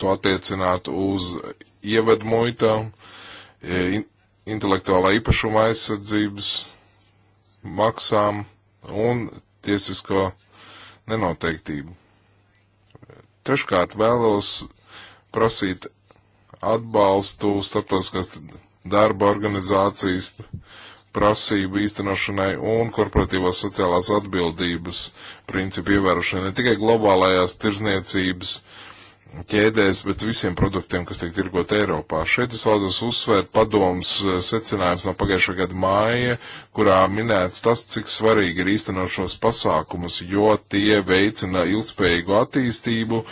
to attiecināt uz ievedmuitām, e, intelektuālā īpašuma aizsardzības, maksām un tiesisko nenoteiktību. Treškārt vēlos prasīt atbalstu starptautiskās darba organizācijas prasību īstenošanai un korporatīvās sociālās atbildības principu ievērošanai ne tikai globālajās tirzniecības ķēdēs, bet visiem produktiem, kas tiek tirgot Eiropā. Šeit es vēlos uzsvērt padomus eh, secinājums no pagājušā gada māja, kurā minēts tas, cik svarīgi ir īstenot šos pasākumus, jo tie veicina ilgspējīgu attīstību,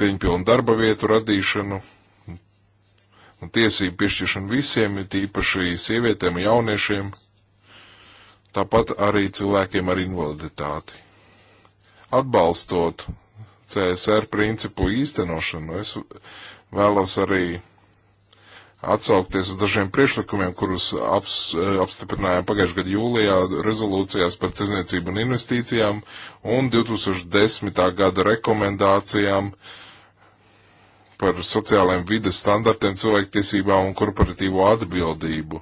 cieņpilnu darba vietu radīšanu un tiesību piešķiršanu visiem, tīpaši sievietēm un jauniešiem, tāpat arī cilvēkiem ar invaliditāti. Atbalstot CSR principu īstenošanu, es vēlos arī atsaukties uz dažiem priekšlikumiem, kurus aps, apstiprinājām pagājušajā gadā jūlijā rezolūcijās par tirzniecību un investīcijām un 2010. gada rekomendācijām uh, par sociālajiem vides standartiem, cilvēktiesībām un korporatīvo atbildību.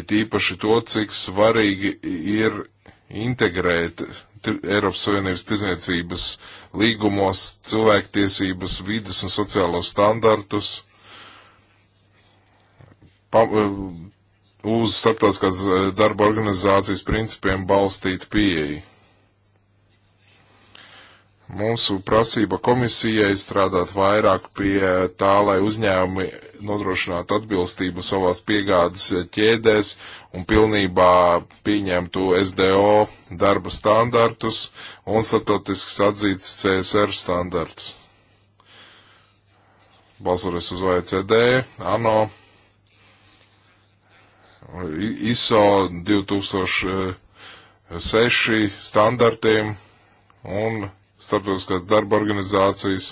It īpaši to, cik svarīgi ir integrēt Eiropas Savienības tirdzniecības līgumos cilvēktiesības, vides un sociālos standartus pa, uz starptautiskās eh, darba organizācijas principiem balstītu pieeju. Mūsu prasība komisijai strādāt vairāk pie tā, lai uzņēmumi nodrošinātu atbilstību savās piegādes ķēdēs un pilnībā pieņemtu SDO darba standartus un startautisks atzītas CSR standartus. Bazoties uz OECD, ANO, ISO 2006 standartiem un starptautiskās darba organizācijas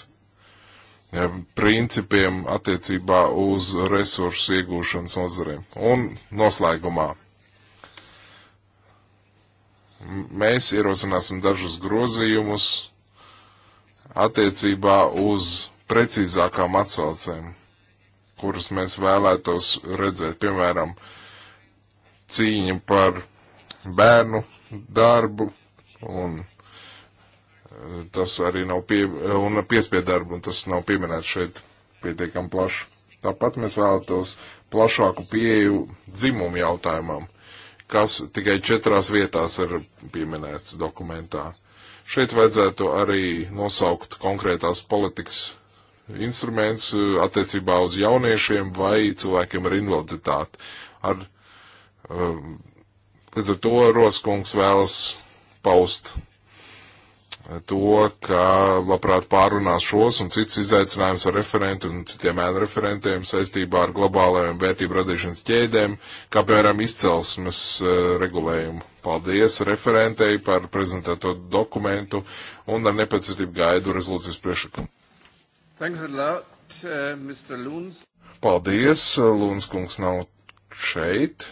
ja, principiem attiecībā uz resursu iegūšanas nozarēm. Un noslēgumā mēs ierosināsim dažus grozījumus attiecībā uz precīzākām atsaucēm, kuras mēs vēlētos redzēt, piemēram, cīņa par bērnu darbu un tas arī nav pie, un piespiedu darbu, un tas nav pieminēts šeit pietiekam plaši. Tāpat mēs vēlētos plašāku pieeju dzimumu jautājumam, kas tikai četrās vietās ir pieminēts dokumentā. Šeit vajadzētu arī nosaukt konkrētās politikas instruments uh, attiecībā uz jauniešiem vai cilvēkiem ar invaliditāti. Ar, um, līdz ar to Roskungs vēlas paust to, ka labprāt pārunās šos un citus izaicinājumus ar referentu un citiem ēnu referentiem saistībā ar globālajiem vērtību radīšanas ķēdēm, kā piemēram izcelsmes eh, regulējumu. Paldies referentei par prezentēto dokumentu un ar nepacietību gaidu rezolūcijas priekšlikumu. Uh, Paldies, eh, Lūns kungs nav šeit.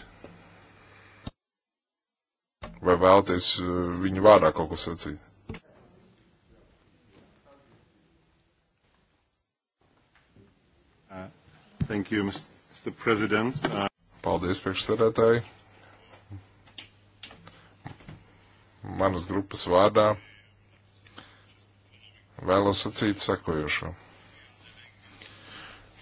Vai vēlaties viņu vārdā kaut ko sacīt? Thank you, Mr. President. Uh... Paldies, priekšsarētāji. Manas grupas vārdā vēlos sacīt sekojošo.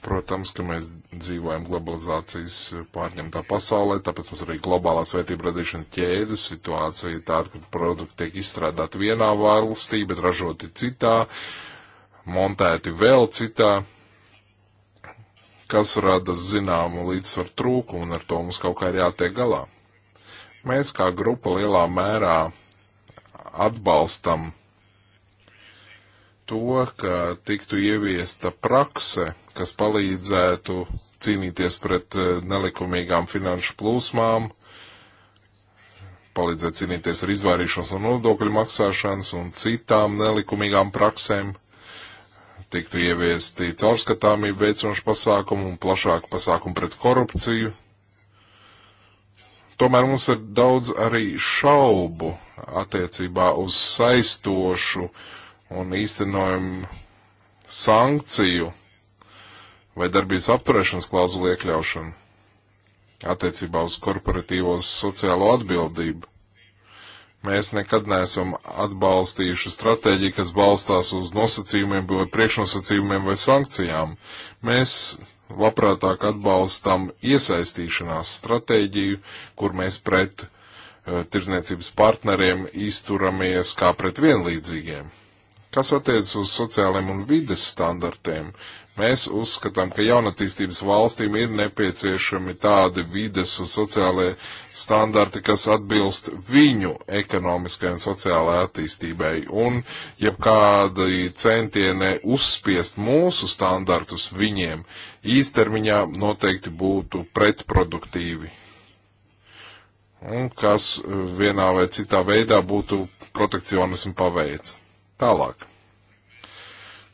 Protams, ka mēs dzīvojam globalizācijas pārņemtā pasaulē, tāpēc mums arī globālās vērtību radīšanas ķēdes situācija ir tāda, ka produkti tiek izstrādāti vienā valstī, bet ražoti citā, montēti vēl citā kas rada zināmu līdzsvaru trūkumu, un ar to mums kaut kā ir jātiek galā. Mēs kā grupa lielā mērā atbalstam to, ka tiktu ieviesta prakse, kas palīdzētu cīnīties pret eh, nelikumīgām finanšu plūsmām, palīdzēt cīnīties ar izvairīšanos no nodokļu maksāšanas un citām nelikumīgām praksēm tiktu ieviesti caurskatāmību veicinoši pasākumu un plašāku pasākumu pret korupciju. Tomēr mums ir daudz arī šaubu attiecībā uz saistošu un īstenojumu sankciju vai darbības apturēšanas klauzulu iekļaušanu attiecībā uz korporatīvos sociālo atbildību. Mēs nekad neesam atbalstījuši stratēģiju, kas balstās uz nosacījumiem, vai priekšnosacījumiem vai sankcijām. Mēs labprātāk atbalstam iesaistīšanās stratēģiju, kur mēs pret uh, tirdzniecības partneriem izturamies kā pret vienlīdzīgiem. Kas attiecas uz sociāliem un vides standartiem, Mēs uzskatām, ka jaunatīstības valstīm ir nepieciešami tādi vides un sociālai standarti, kas atbilst viņu ekonomiskai un sociālai attīstībai. Un ja kādi centieni uzspiest mūsu standartus viņiem, īstermiņā noteikti būtu pretproduktīvi. Un kas eh, vienā vai citā veidā būtu protekcionismu paveic. Tālāk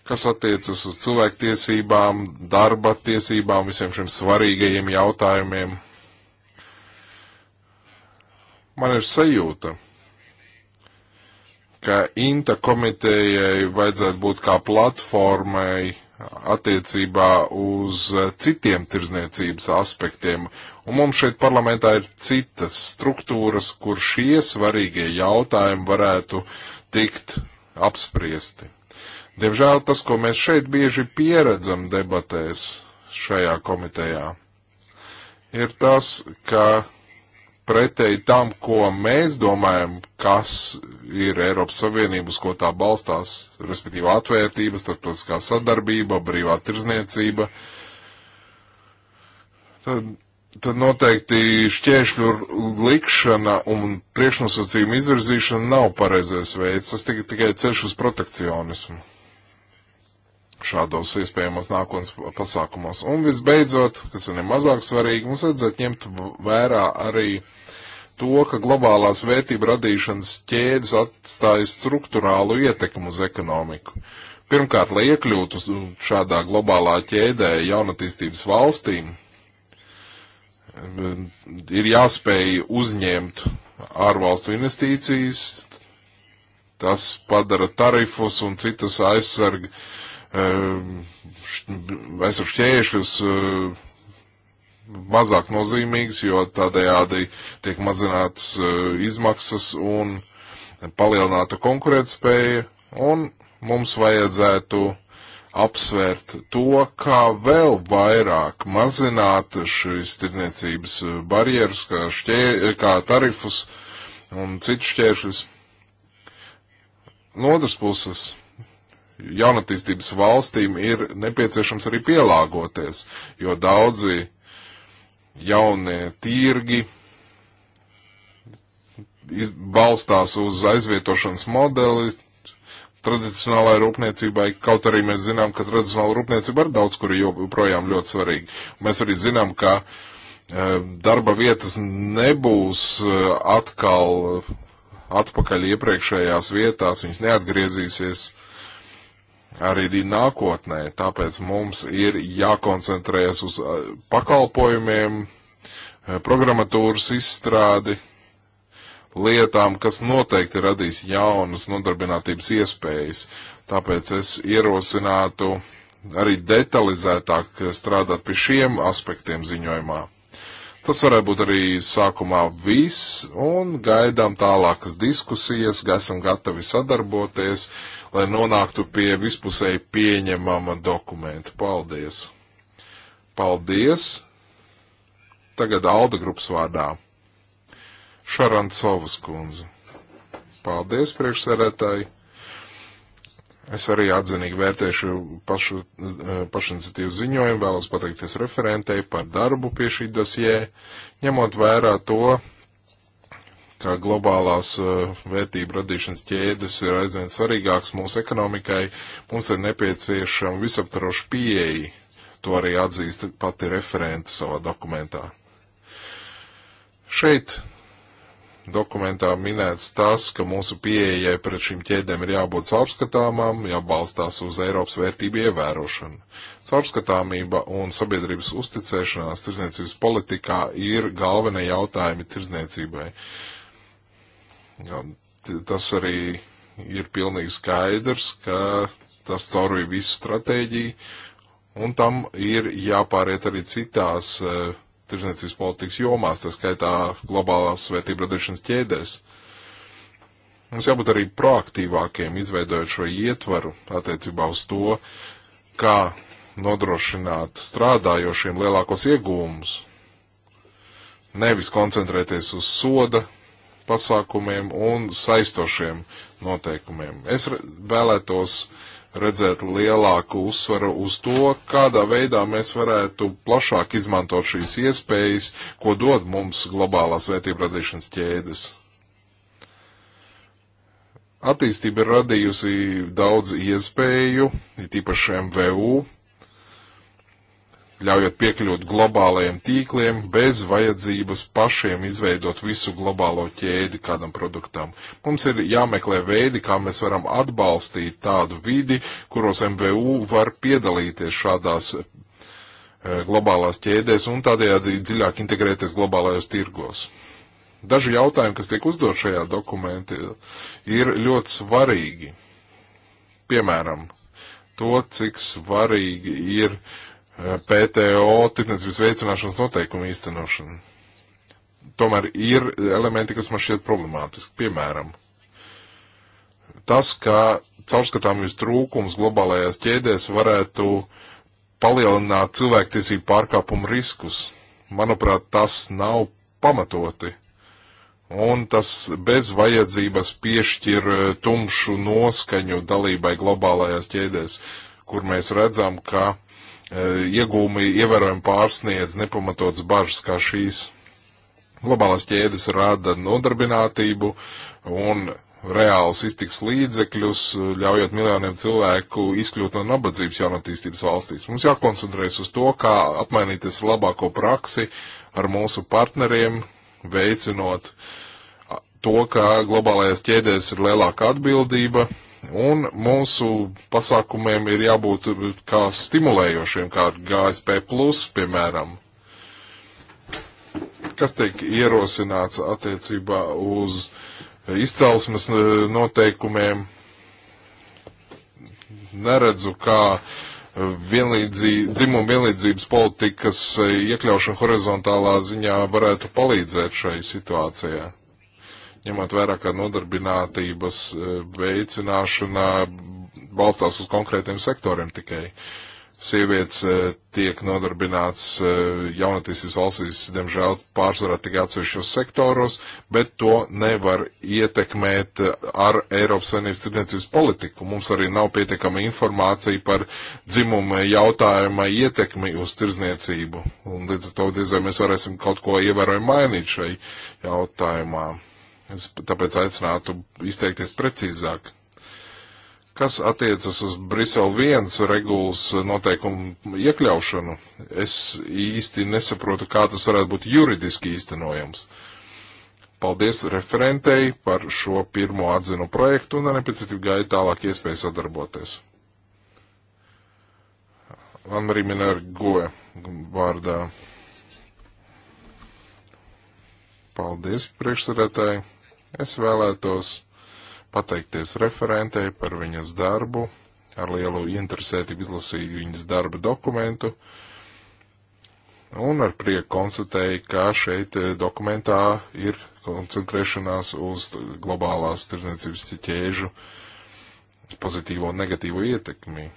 kas attiecas uz cilvēktiesībām, darba tiesībām, visiem šiem svarīgajiem jautājumiem. Man ir sajūta, ka INTA komitejai vajadzētu būt kā platformai attiecībā uz citiem tirzniecības aspektiem. Un mums šeit parlamentā ir citas struktūras, kur šie svarīgie jautājumi varētu tikt apspriesti. Diemžēl tas, ko mēs šeit bieži pieredzam debatēs šajā komitejā, ir tas, ka pretēji tam, ko mēs domājam, kas ir Eiropas Savienības, ko tā balstās, respektīvi atvērtības, starptautiskā sadarbība, brīvā tirzniecība, tad, tad noteikti šķēršļu likšana un priekšnosacījumu izvirzīšana nav pareizais veids. Tas tikai, tikai ceļš uz protekcionismu šādos iespējamos nākotnes pasākumos. Un visbeidzot, kas ir nemazāk svarīgi, mums vajadzētu ņemt vērā arī to, ka globālās vērtību radīšanas ķēdes atstāja struktūrālu ietekmu uz ekonomiku. Pirmkārt, lai iekļūtu šādā globālā ķēdē jaunatīstības valstīm, ir jāspēj uzņemt ārvalstu investīcijas, tas padara tarifus un citas aizsarga uh, Ehm, esam šķēršļus ehm, mazāk nozīmīgs, jo tādējādi tiek mazinātas ehm, izmaksas un palielināta konkurētspēja, un mums vajadzētu apsvērt to, kā vēl vairāk mazināt šīs tirniecības barjeras, kā, šķē, kā tarifus un citus šķēršļus. No otras puses, jaunatīstības valstīm ir nepieciešams arī pielāgoties, jo daudzi jaunie tirgi balstās uz aizvietošanas modeli tradicionālajai rūpniecībai, kaut arī mēs zinām, ka tradicionāla rūpniecība ir daudz kur joprojām ļoti svarīga. Mēs arī zinām, ka e, darba vietas nebūs e, atkal e, atpakaļ iepriekšējās vietās, viņas neatgriezīsies arī nākotnē. Tāpēc mums ir jākoncentrējas uz uh, pakalpojumiem, uh, programmatūras izstrādi, lietām, kas noteikti radīs jaunas nodarbinātības iespējas. Tāpēc es ierosinātu arī detalizētāk strādāt pie šiem aspektiem ziņojumā. Tas varētu būt arī sākumā viss, un gaidām tālākas diskusijas, esam gatavi sadarboties. Uh, lai nonāktu pie vispusēji pieņemama dokumenta. Paldies! Paldies! Tagad Alda grupas vārdā. Šarantsovas kundze. Paldies, priekšsēdētāji! Es arī atzinīgi vērtēšu pašu, eh, pašiniciatīvu ziņojumu, vēlos pateikties referentei par darbu pie šī dosjē, ņemot vērā to, ka globālās eh, vērtību radīšanas ķēdes ir aizvien svarīgākas mūsu ekonomikai, mums ir nepieciešama visaptaroša pieeja. To arī atzīst pati referenta savā dokumentā. Šeit dokumentā minēts tas, ka mūsu pieejai pret šīm ķēdēm ir jābūt caurskatāmām, jābalstās uz Eiropas vērtību ievērošanu. Caurskatāmība un sabiedrības uzticēšanās tirzniecības politikā ir galvenie jautājumi tirzniecībai. Uh, Jā, tas arī ir pilnīgi skaidrs, ka tas caurvīja visu stratēģiju, un tam ir jāpāriet arī citās uh, e, tirsniecības politikas jomās, tā skaitā globālās svētību radīšanas ķēdēs. Mums jābūt arī proaktīvākiem, izveidojot šo ietvaru attiecībā uz to, kā nodrošināt strādājošiem lielākos iegūmus. Nevis koncentrēties uz soda pasākumiem un saistošiem noteikumiem. Es vēlētos redzēt lielāku uzsvaru uz to, kādā veidā mēs varētu plašāk izmantot šīs iespējas, ko dod mums globālās vērtību radīšanas ķēdes. Attīstība ir radījusi daudz iespēju, it īpaši MVU, ļaujot piekļūt globālajiem tīkliem bez vajadzības pašiem izveidot visu globālo ķēdi kādam produktam. Mums ir jāmeklē veidi, kā mēs varam atbalstīt tādu vidi, kuros MVU var piedalīties šādās e, globālās ķēdēs un tādējādi dziļāk integrēties globālajos tirgos. Daži jautājumi, kas tiek uzdot šajā dokumentā, ir ļoti svarīgi. Piemēram, to, cik svarīgi ir uh, Eh, PTO tirdzniecības veicināšanas noteikumu īstenošanu. Tomēr ir elementi, kas man šķiet problemātiski. Piemēram, tas, ka caurskatāmības trūkums globālajās ķēdēs varētu palielināt cilvēktiesību pārkāpumu riskus. Manuprāt, tas nav pamatoti. Un tas bez vajadzības piešķir eh, tumšu noskaņu dalībai globālajās ķēdēs, kur mēs redzam, ka Eh, iegūmi ievērojami pārsniedz nepamatots bažas kā šīs. Globālās ķēdes rada nodarbinātību un reāls iztiks līdzekļus, ļaujot miljoniem cilvēku izkļūt no nabadzības jaunatīstības valstīs. Mums jākoncentrējas uz to, kā apmainīties ar labāko praksi ar mūsu partneriem, veicinot to, ka globālajās ķēdēs ir lielāka atbildība, Un mūsu pasākumiem ir jābūt eh, kā stimulējošiem, kā GSP, piemēram, kas tiek ierosināts attiecībā uz izcelsmes eh, noteikumiem. Neredzu, kā vienlīdzī, dzimuma vienlīdzības politikas eh, iekļaušana horizontālā ziņā varētu palīdzēt šai situācijai ņemot vērā, ka nodarbinātības e, veicināšanā balstās uz konkrētiem sektoriem tikai. Sievietes e, tiek nodarbināts e, jaunatīstības valstīs, diemžēl pārsvarā tikai atsevišķos sektoros, bet to nevar ietekmēt ar Eiropas Savienības tirdzniecības politiku. Mums arī nav pietiekama informācija par dzimuma jautājuma ietekmi uz tirdzniecību. Un līdz ar to diez vai mēs varēsim kaut ko ievērojami mainīt šai jautājumā. Es tāpēc aicinātu izteikties precīzāk. Kas attiecas uz Brisele 1 regulas noteikumu iekļaušanu, es īsti nesaprotu, kā tas varētu būt juridiski īstenojams. Paldies referentei par šo pirmo atzinu projektu un ar nepacietību gaidu tālāk iespēju sadarboties. Anmarī Minēra Goja e vārdā. Paldies, priekšsarētāji. Es vēlētos pateikties referentei par viņas darbu, ar lielu interesētību izlasīju viņas darba dokumentu, un ar prieku konstatēju, ka šeit eh, dokumentā ir koncentrēšanās uz globālās tirdzniecības ķēžu pozitīvo un negatīvo ietekmi.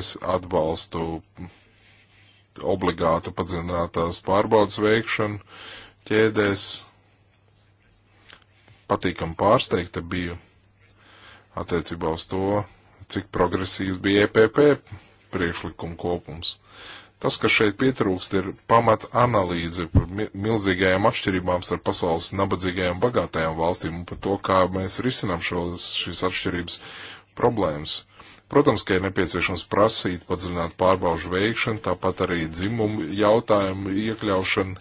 Es atbalstu obligātu padziļinātās pārbaudas veikšanu ķēdēs, patīkami pārsteigta biju attiecībā uz to, cik progresīvs bija EPP priekšlikuma kopums. Tas, kas šeit pietrūkst, ir pamata analīze par milzīgajām atšķirībām starp pasaules nabadzīgajām un bagātajām valstīm un par to, kā mēs risinām šos, šīs atšķirības problēmas. Protams, ka ir nepieciešams prasīt, padzināt pārbaužu veikšanu, tāpat arī dzimumu jautājumu iekļaušanu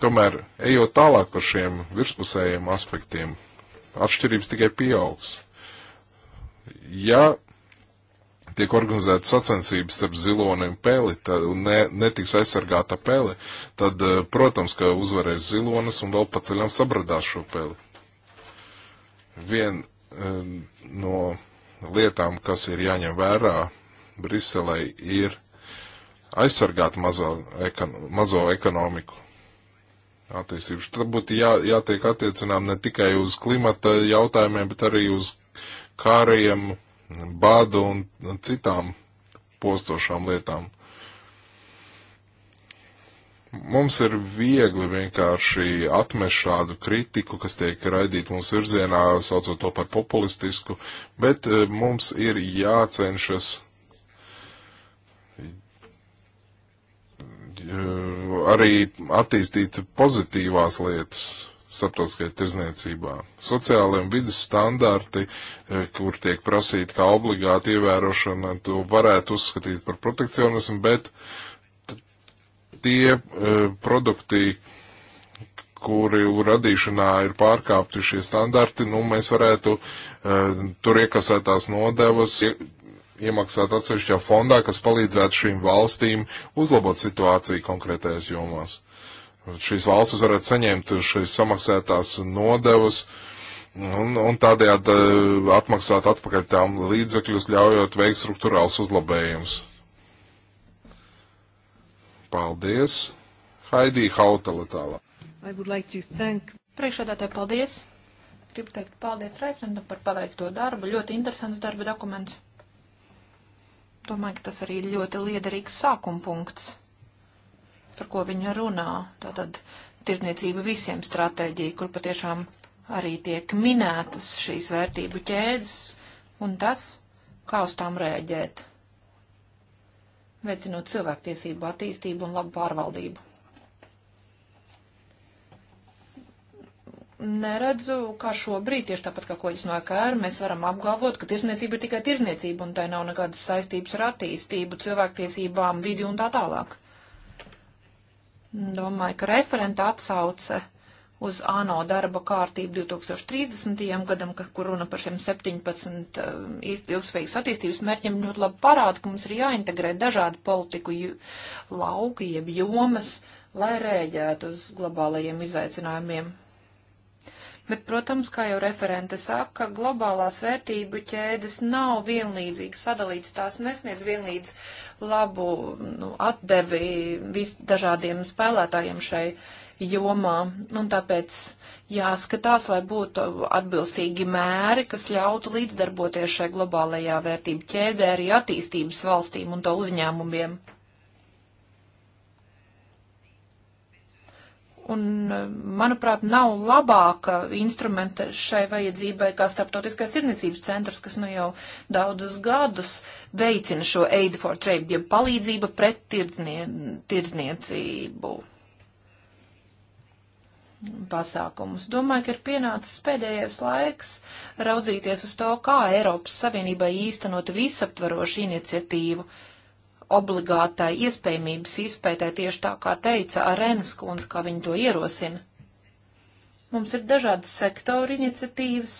Tomēr, ejot tālāk par šiem virspusējiem aspektiem, atšķirības tikai pieaugs. Ja tiek organizēta sacensības starp ziloni un peli, tad, un ne, netiks aizsargāta peli, tad, eh, protams, ka uzvarēs zilonis un vēl pa ceļam sabradās šo peli. Vien eh, no lietām, kas ir jāņem vērā Briselē, ir aizsargāt mazo, ekon, mazo ekonomiku attiecības. Tad būtu jā, jātiek attiecinām ne tikai uz klimata jautājumiem, bet arī uz kāriem, badu un citām postošām lietām. Mums ir viegli vienkārši atmest šādu kritiku, kas tiek raidīta mūsu virzienā, saucot to par populistisku, bet eh, mums ir jācenšas Eh, arī attīstīt pozitīvās lietas starptautiskajā tirzniecībā. Sociālajiem vidas standarti, eh, kur tiek prasīta kā obligāta ievērošana, to varētu uzskatīt par protekcionismu, bet tie eh, produkti, kuri radīšanā ir pārkāpti šie standarti, nu, mēs varētu tur iekasētās nodevas iemaksāt atsevišķā fondā, kas palīdzētu šīm valstīm uzlabot situāciju konkrētajās jomās. Šīs valstis varētu saņemt šīs samaksētās nodevas un, un tādējādi eh, atmaksāt atpakaļ tām līdzekļus, ļaujot veikt struktūrāls uzlabējumus. Paldies! Haidī Hautala tālāk. Like thank... Priekšādātāji, paldies! Gribu teikt paldies Raifrendam par paveikto darbu. Ļoti interesants darba dokuments. Domāju, ka tas arī ļoti liederīgs sākuma punkts, par ko viņa runā. Tātad tirzniecība visiem stratēģija, kur patiešām arī tiek minētas šīs vērtību ķēdes un tas, kā uz tām rēģēt, veicinot cilvēktiesību attīstību un labu pārvaldību. neredzu, kā šobrīd, tieši tāpat kā koļas no EKR, mēs varam apgalvot, ka tirzniecība ir tikai tirzniecība un tai nav nekādas saistības ar attīstību, cilvēktiesībām, vidi un tā tālāk. Domāju, ka referenta atsauce uz ANO darba kārtību 2030. gadam, kur runa par šiem 17 eh, ilgspējīgas attīstības mērķiem, ļoti labi parāda, ka mums ir jāintegrē dažādi politiku lauki, jeb jomas, lai rēģētu uz globālajiem izaicinājumiem. Bet, protams, kā jau referente saka, globālās vērtību ķēdes nav vienlīdzīgi sadalīts, tās nesniedz vienlīdz labu nu, atdevi visdažādiem spēlētājiem šai jomā. Un tāpēc jāskatās, lai būtu atbilstīgi mēri, kas ļautu līdzdarboties šai globālajā vērtību ķēdē arī attīstības valstīm un to uzņēmumiem. Un, eh, manuprāt, nav labāka instrumenta šai vajadzībai kā starptautiskais irniecības centrs, kas nu jau daudzus gadus veicina šo aid for trade, jeb ja palīdzība pret tirdznie, tirdzniecību pasākumus. Domāju, ka ir pienācis pēdējais laiks raudzīties uz to, kā Eiropas Savienībai īstenot visaptvarošu iniciatīvu obligātai iespējamības izpētē tieši tā, kā teica Arēnas kundze, kā viņi to ierosina. Mums ir dažādas sektoru iniciatīvas,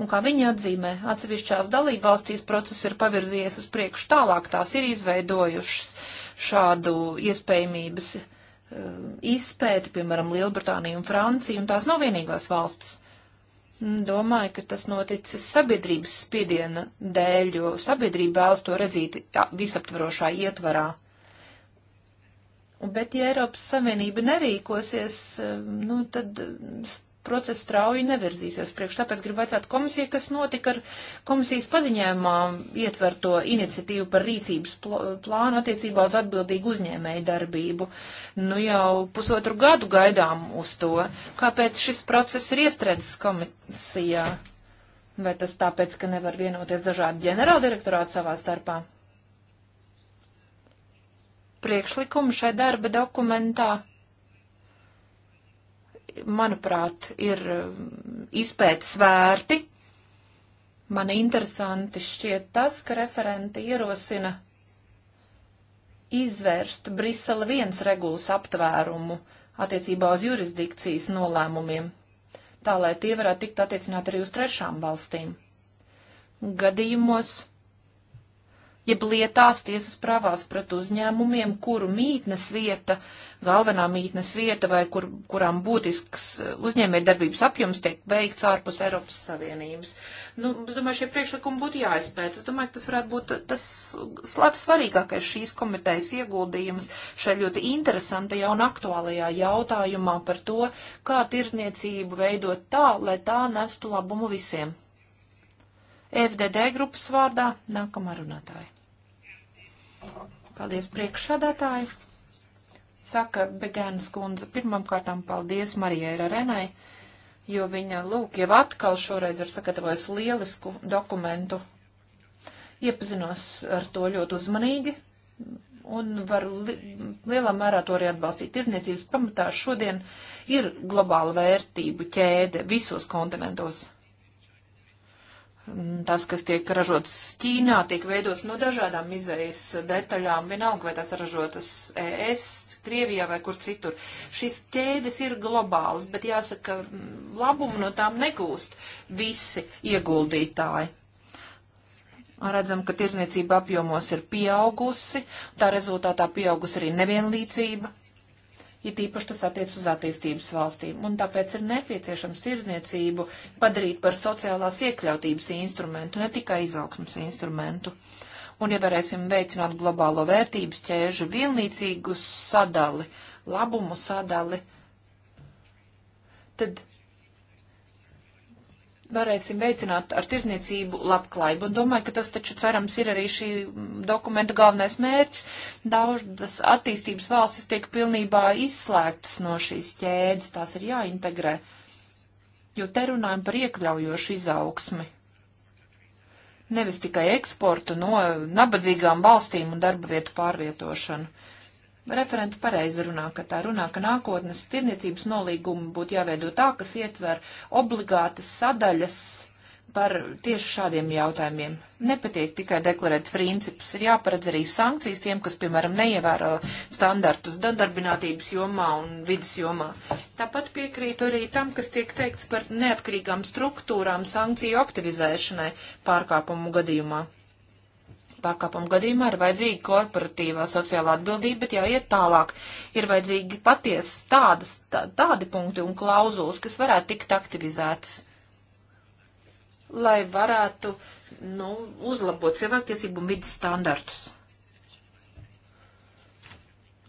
un kā viņi atzīmē, atsevišķās dalībvalstīs process ir pavirzies uz priekšu tālāk, tās ir izveidojušas šādu iespējamības eh, izpēti, piemēram, Lielbritānija un Francija, un tās nav vienīgās valstis. Mm, domāju, ka tas noticis sabiedrības spiediena dēļ, jo sabiedrība vēlas to redzīt visaptvarošā ietvarā. Bet, ja Eiropas Savienība nerīkosies, eh, nu, tad process strauji nevirzīsies priekš. Tāpēc gribu vaicāt komisiju, kas notika ar komisijas paziņojumā ietverto iniciatīvu par rīcības plānu attiecībā uz atbildīgu uzņēmēju darbību. Nu jau pusotru gadu gaidām uz to. Kāpēc šis process ir iestrēdzis komisijā? Vai tas tāpēc, ka nevar vienoties dažādi ģenerāldirektorāti savā starpā? Priekšlikumu šai darba dokumentā manuprāt, ir um, izpētes vērti. Man interesanti šķiet tas, ka referenti ierosina izvērst Brisele viens regulas aptvērumu attiecībā uz jurisdikcijas nolēmumiem, tā lai tie varētu tikt attiecināt arī uz trešām valstīm. Gadījumos, jeb lietās tiesas pravās pret uzņēmumiem, kuru mītnes vieta uh, galvenā mītnes vieta vai kur, kurām būtisks eh, uzņēmējdarbības apjoms tiek veikts ārpus Eiropas Savienības. Nu, es domāju, šie priekšlikumi būtu jāizpēt. Es domāju, ka tas varētu būt tas slēp svarīgākais šīs komitejas ieguldījums šai ļoti interesantajā un aktuālajā jautājumā par to, kā tirzniecību veidot tā, lai tā nestu labumu visiem. FDD grupas vārdā nākamā runātāja. Paldies priekšsādātāji. Saka Begēnas kundze, pirmam kārtām paldies Marijai Renai, jo viņa, lūk, jau atkal šoreiz ir sagatavojusi lielisku dokumentu. Iepazinos ar to ļoti uzmanīgi un var li lielā mērā to arī atbalstīt. Tirniecības pamatā šodien ir globāla vērtību ķēde visos kontinentos. Tas, kas tiek ražots Ķīnā, tiek veidots no dažādām izējas detaļām, vienalga, vai tas ražotas ES, Krievijā vai kur citur. Šis ķēdes ir globāls, bet jāsaka, mm, labumu no tām negūst visi ieguldītāji. Redzam, ka tirdzniecība apjomos ir pieaugusi, tā rezultātā pieaugusi arī nevienlīdzība ja tīpaši tas attiec uz attīstības valstīm, un tāpēc ir nepieciešams tirdzniecību padarīt par sociālās iekļautības instrumentu, ne tikai izaugsmas instrumentu. Uh, un ja varēsim veicināt globālo vērtības ķēžu vienlīdzīgu sadali, labumu sadali, tad varēsim veicināt ar tirzniecību labklājību. Un domāju, ka tas taču cerams ir arī šī dokumenta galvenais mērķis. Daudzas attīstības valstis tiek pilnībā izslēgtas no šīs ķēdes, tās ir jāintegrē. Jo te runājam par iekļaujošu izaugsmi nevis tikai eksportu no nabadzīgām valstīm un darba vietu pārvietošanu. Referenti pareizi runā, ka tā runā, ka nākotnes tirniecības nolīgumi būtu jāveido tā, kas ietver obligātas sadaļas par tieši šādiem jautājumiem. Nepatiek tikai deklarēt principus, ir jāparedz arī sankcijas tiem, kas, piemēram, neievēro standartus darbinātības jomā un vidas jomā. Tāpat piekrītu arī tam, kas tiek teikts par neatkarīgām struktūrām sankciju aktivizēšanai pārkāpumu gadījumā. Pārkāpumu gadījumā ir vajadzīga korporatīvā sociālā atbildība, bet jāiet tālāk. Ir vajadzīgi patiesi tādas, tā, tādi punkti un klauzulas, kas varētu tikt aktivizētas lai varētu nu, uzlabot cilvēktiesību un vidas standartus.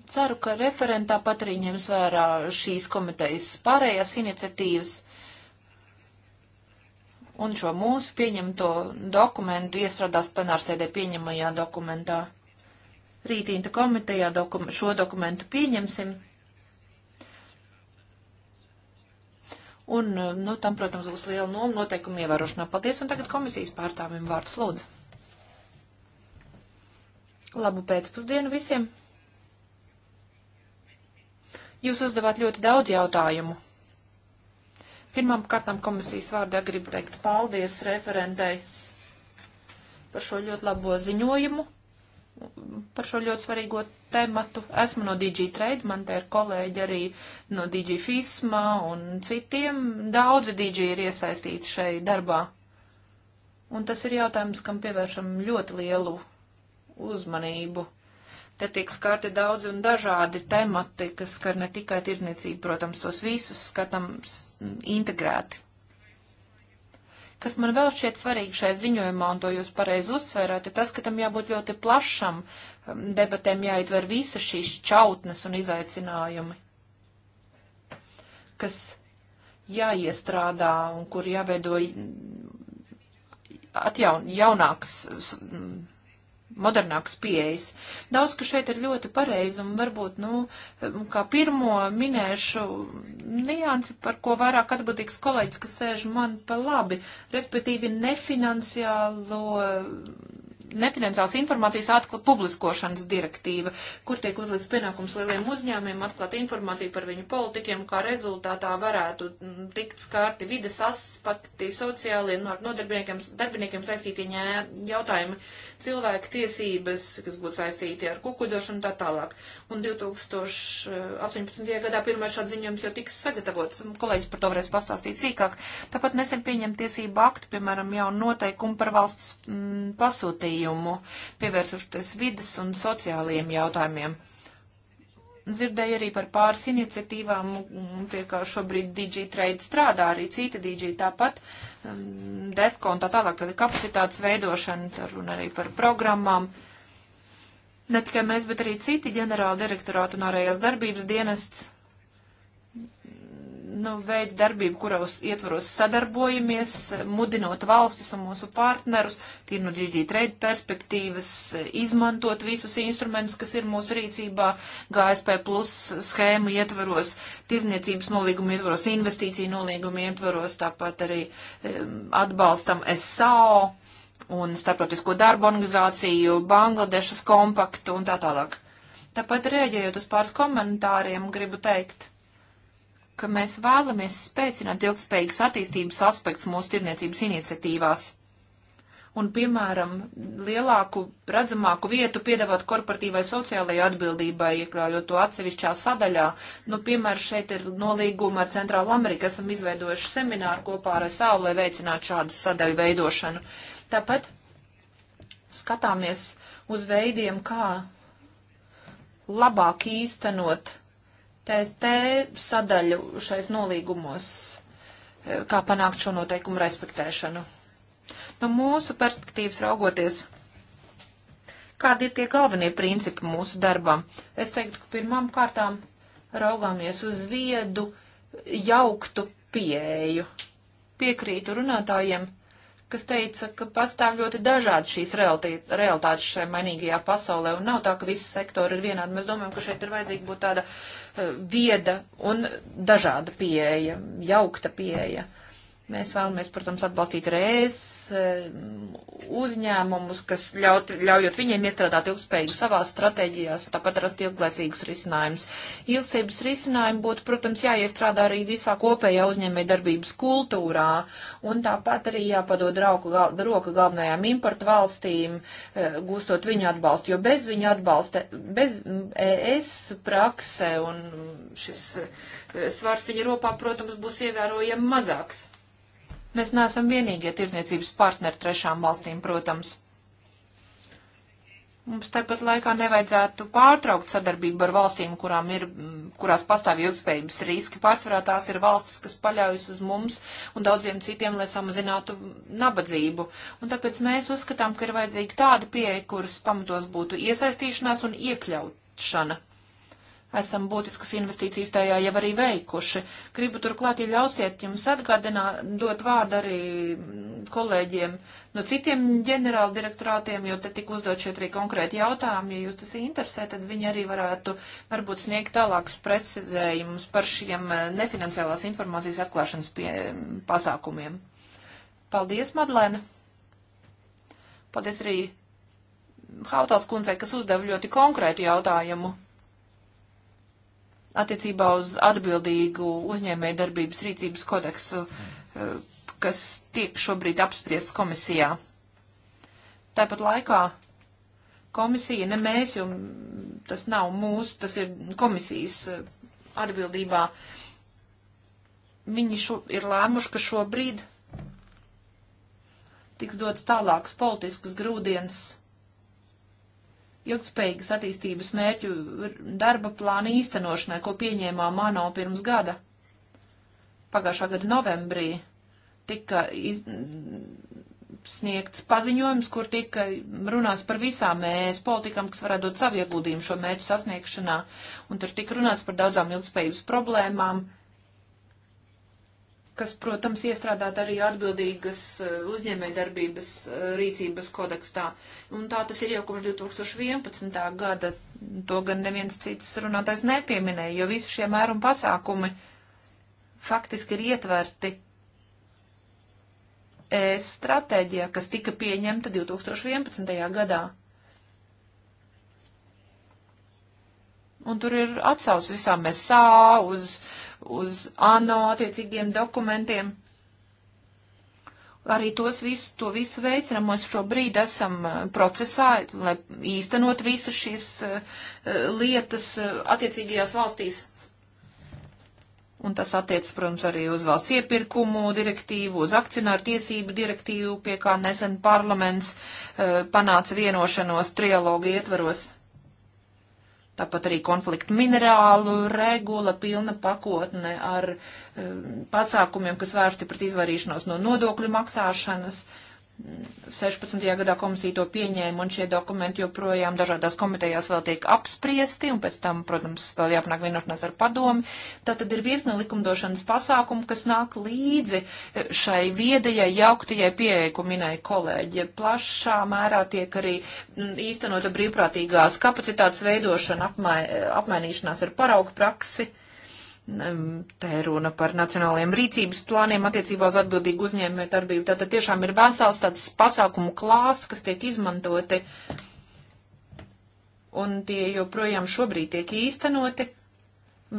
Ceru, ka referentā pat arī ņems vērā šīs komitejas pārējās iniciatīvas un šo mūsu pieņemto dokumentu iestrādās plenārsēdē pieņemajā dokumentā. Rītīnta komitejā dokum šo dokumentu pieņemsim Un, eh, nu, tam, protams, būs liela noma noteikuma ievērošanā. Paldies, un tagad komisijas pārstāvim vārds lūdzu. Labu pēcpusdienu visiem! Jūs uzdevāt ļoti daudz jautājumu. Pirmām kārtām komisijas vārdā gribu teikt paldies referentei par šo ļoti labo ziņojumu par šo ļoti svarīgo tematu. Esmu no DG Trade, man te ir kolēģi arī no DG Fisma un citiem. Daudzi DG ir iesaistīti šai darbā. Un tas ir jautājums, kam pievēršam ļoti lielu uzmanību. Te tiek skārti daudzi un dažādi temati, kas skar ne tikai tirniecību, protams, tos visus skatām integrēti. Kas man vēl šķiet svarīgi šai ziņojumā, un to jūs pareizi uzsvērāt, ir tas, ka tam jābūt ļoti plašam, um, debatēm jāietver visas šīs čautnes un izaicinājumi, kas jāiestrādā un kur jāveido mm, atjaun, jaunāks modernāks pieejas. Daudz, ka šeit ir ļoti pareizi un varbūt, nu, kā pirmo minēšu niansi, par ko vairāk atbildīgs kolēģis, kas sēž man pa labi, respektīvi nefinanciālo nefinansiālas informācijas atkla publiskošanas direktīva, kur tiek uzlīdz pienākums lieliem uzņēmiem atklāt informāciju par viņu politikiem, kā rezultātā varētu mm, tikt skārti vides aspekti, sociālie, no, no darbiniekiem, darbiniekiem saistītie ņē, jautājumi, cilvēku tiesības, kas būtu saistīti ar kukuļošanu un tā tālāk. Un 2018. gadā pirmais šāds ziņojums jau tiks sagatavots. Kolēģis par to varēs pastāstīt sīkāk. Tāpat nesen pieņem tiesību aktu, piemēram, jau noteikumu par valsts mm, pasūtījumu ziņojumu, pievērsušoties vidas un sociālajiem jautājumiem. Dzirdēju arī par pāris iniciatīvām, pie kā šobrīd DigiTrade strādā, arī citi Digi tāpat, um, DEFCO un tā tālāk, tad ir kapacitātes veidošana, un arī par programmām. Ne tikai mēs, bet arī citi ģenerāla direktorāta un ārējās darbības dienests nu, veids darbību, kuros ietvaros sadarbojamies, mudinot valstis un mūsu partnerus, tīri no GD trade perspektīvas, izmantot visus instrumentus, kas ir mūsu rīcībā, GSP plus schēmu ietvaros, tirniecības nolīguma ietvaros, investīciju nolīguma ietvaros, tāpat arī atbalstam SAO un Startautisko darbu organizāciju, Bangladešas kompaktu un tā tālāk. Tāpat rēģējot uz pāris komentāriem, gribu teikt ka mēs vēlamies spēcināt ilgspējīgas attīstības aspekts mūsu tirniecības iniciatīvās. Un, piemēram, lielāku, redzamāku vietu piedāvāt korporatīvai sociālajai atbildībai, iekļaujot to atsevišķā sadaļā. Nu, piemēram, šeit ir nolīguma ar Centrālu Ameriku, esam izveidojuši semināru kopā ar SAU, lai veicinātu šādu sadaļu veidošanu. Tāpat skatāmies uz veidiem, kā labāk īstenot TST sadaļu šais nolīgumos, e, kā panākt šo noteikumu respektēšanu. No mūsu perspektīvas raugoties, kādi ir tie galvenie principi mūsu darbam? Es teiktu, ka pirmām kārtām raugāmies uz viedu, jauktu pieeju. Piekrītu runātājiem, kas teica, ka pastāv ļoti dažādi šīs realitātes šai mainīgajā pasaulē, un nav tā, ka visi sektori ir vienādi. Mēs domājam, ka šeit ir vajadzīga būt tāda eh, vieda un dažāda pieeja, jaukta pieeja. Uh, Mēs vēlamies, protams, atbalstīt reiz eh, uzņēmumus, kas ļaut, ļaujot viņiem iestrādāt ilgspējīgi savās stratēģijās un tāpat rast ilglaicīgus risinājumus. Ilgsības risinājumi būtu, protams, jāiestrādā arī visā kopējā uzņēmē darbības kultūrā un tāpat arī jāpadod rauku, gal, roku galvenajām importu valstīm, eh, gūstot viņu atbalstu, jo bez viņu atbalsta, bez ES prakse un šis eh, svars viņa ropā, protams, būs ievērojami mazāks. Mēs neesam vienīgie tirdzniecības partneri trešām valstīm, protams. Mums tāpat laikā nevajadzētu pārtraukt sadarbību ar valstīm, kurām ir, kurās pastāv ilgspējības riski. Pārsvarā tās ir valstis, kas paļaujas uz mums un daudziem citiem, lai samazinātu nabadzību. Un tāpēc mēs uzskatām, ka ir vajadzīga tāda pieeja, kuras pamatos būtu iesaistīšanās un iekļautšana esam būtiskas investīcijas tajā jau arī veikuši. Gribu turklāt, ja ļausiet jums atgādināt, dot vārdu arī kolēģiem no citiem ģenerāla direktorātiem, jo te tik uzdot šeit arī konkrēti jautājumi. Ja jūs tas interesē, tad viņi arī varētu varbūt sniegt tālākus precizējumus par šiem eh, nefinanciālās informācijas atklāšanas pie, pasākumiem. Paldies, Madlēna! Paldies arī Hautals kundzei, kas uzdeva ļoti konkrētu jautājumu attiecībā uz atbildīgu uzņēmēju darbības rīcības kodeksu, eh, kas tiek šobrīd apspriests komisijā. Tāpat laikā komisija, ne mēs, jo tas nav mūsu, tas ir komisijas eh, atbildībā, viņi šo, ir lēmuši, ka šobrīd tiks dots tālāks politisks grūdienis ilgspējīgas attīstības mērķu darba plāna īstenošanai, ko pieņēmām ANO pirms gada. Pagājušā gada novembrī tika iz, sniegts paziņojums, kur tika runāts par visām mēs politikām, kas varētu dot savu ieguldījumu šo mērķu sasniegšanā, un tur tika runāts par daudzām ilgspējības problēmām kas, protams, iestrādāt arī atbildīgas eh, uzņēmējdarbības eh, rīcības kodekstā. Un tā tas ir jau kopš 2011. gada. To gan neviens cits runātais nepieminēja, jo visi šie mērumi pasākumi faktiski ir ietverti ES stratēģijā, kas tika pieņemta 2011. gadā. Un tur ir atsaucis visām Sā uz. Uh, uz ANO attiecīgiem dokumentiem. Arī tos visu, to visu veicinam. Mēs šobrīd esam uh, procesā, lai īstenot visas šīs uh, uh, lietas attiecīgajās valstīs. Un tas attiecas, protams, arī uz valsts iepirkumu direktīvu, uz akcionāru tiesību direktīvu, pie kā nesen parlaments uh, panāca vienošanos trialogu ietvaros. Tāpat arī konfliktu minerālu regula, pilna pakotne ar um, pasākumiem, kas vērsti pret izvairīšanos no nodokļu maksāšanas. Uh, 16. gadā komisija to pieņēma, un šie dokumenti joprojām dažādās komitejās vēl tiek apspriesti, un pēc tam, protams, vēl jāpanāk vienošanās ar padomi. Tā tad ir virkne likumdošanas pasākumu, kas nāk līdzi šai viedajai, jauktajai pieeja, ko minēja kolēģi. Plašā mērā tiek arī mm, īstenota brīvprātīgās kapacitātes veidošana, apmai, apmainīšanās ar paraugu praksi. Uh, Te ir runa par nacionāliem rīcības plāniem attiecībā uz atbildīgu uzņēmēju darbību. Tātad tiešām ir vesels tāds pasākumu klāsts, kas tiek izmantoti, un tie joprojām šobrīd tiek īstenoti.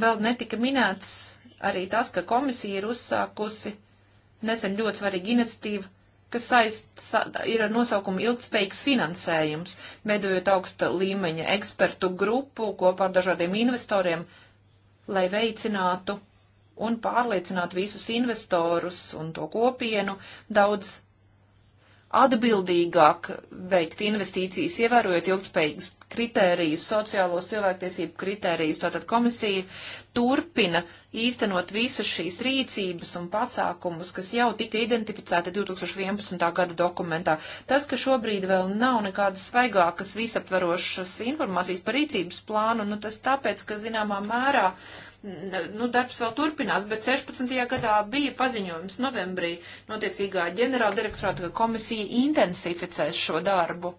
Vēl netika minēts arī tas, ka komisija ir uzsākusi nesen ļoti svarīgu iniciatīvu, kas saist, sa, ir ar nosaukumu ilgspējīgs finansējums, veidojot augsta līmeņa ekspertu grupu kopā ar dažādiem investoriem, uh, lai veicinātu un pārliecinātu visus investorus un to kopienu daudz atbildīgāk veikt investīcijas, ievērojot ilgspējīgas kritērijus, sociālos cilvēktiesību kritērijus. Tātad komisija turpina īstenot visas šīs rīcības un pasākumus, kas jau tika identificēti 2011. gada dokumentā. Tas, ka šobrīd vēl nav nekādas svaigākas visaptverošas informācijas par rīcības plānu, nu tas tāpēc, ka zināmā mērā uh, nu, darbs vēl turpinās, bet 16. gadā bija paziņojums novembrī notiecīgā ģenerāla direktorāta, ka komisija intensificēs šo darbu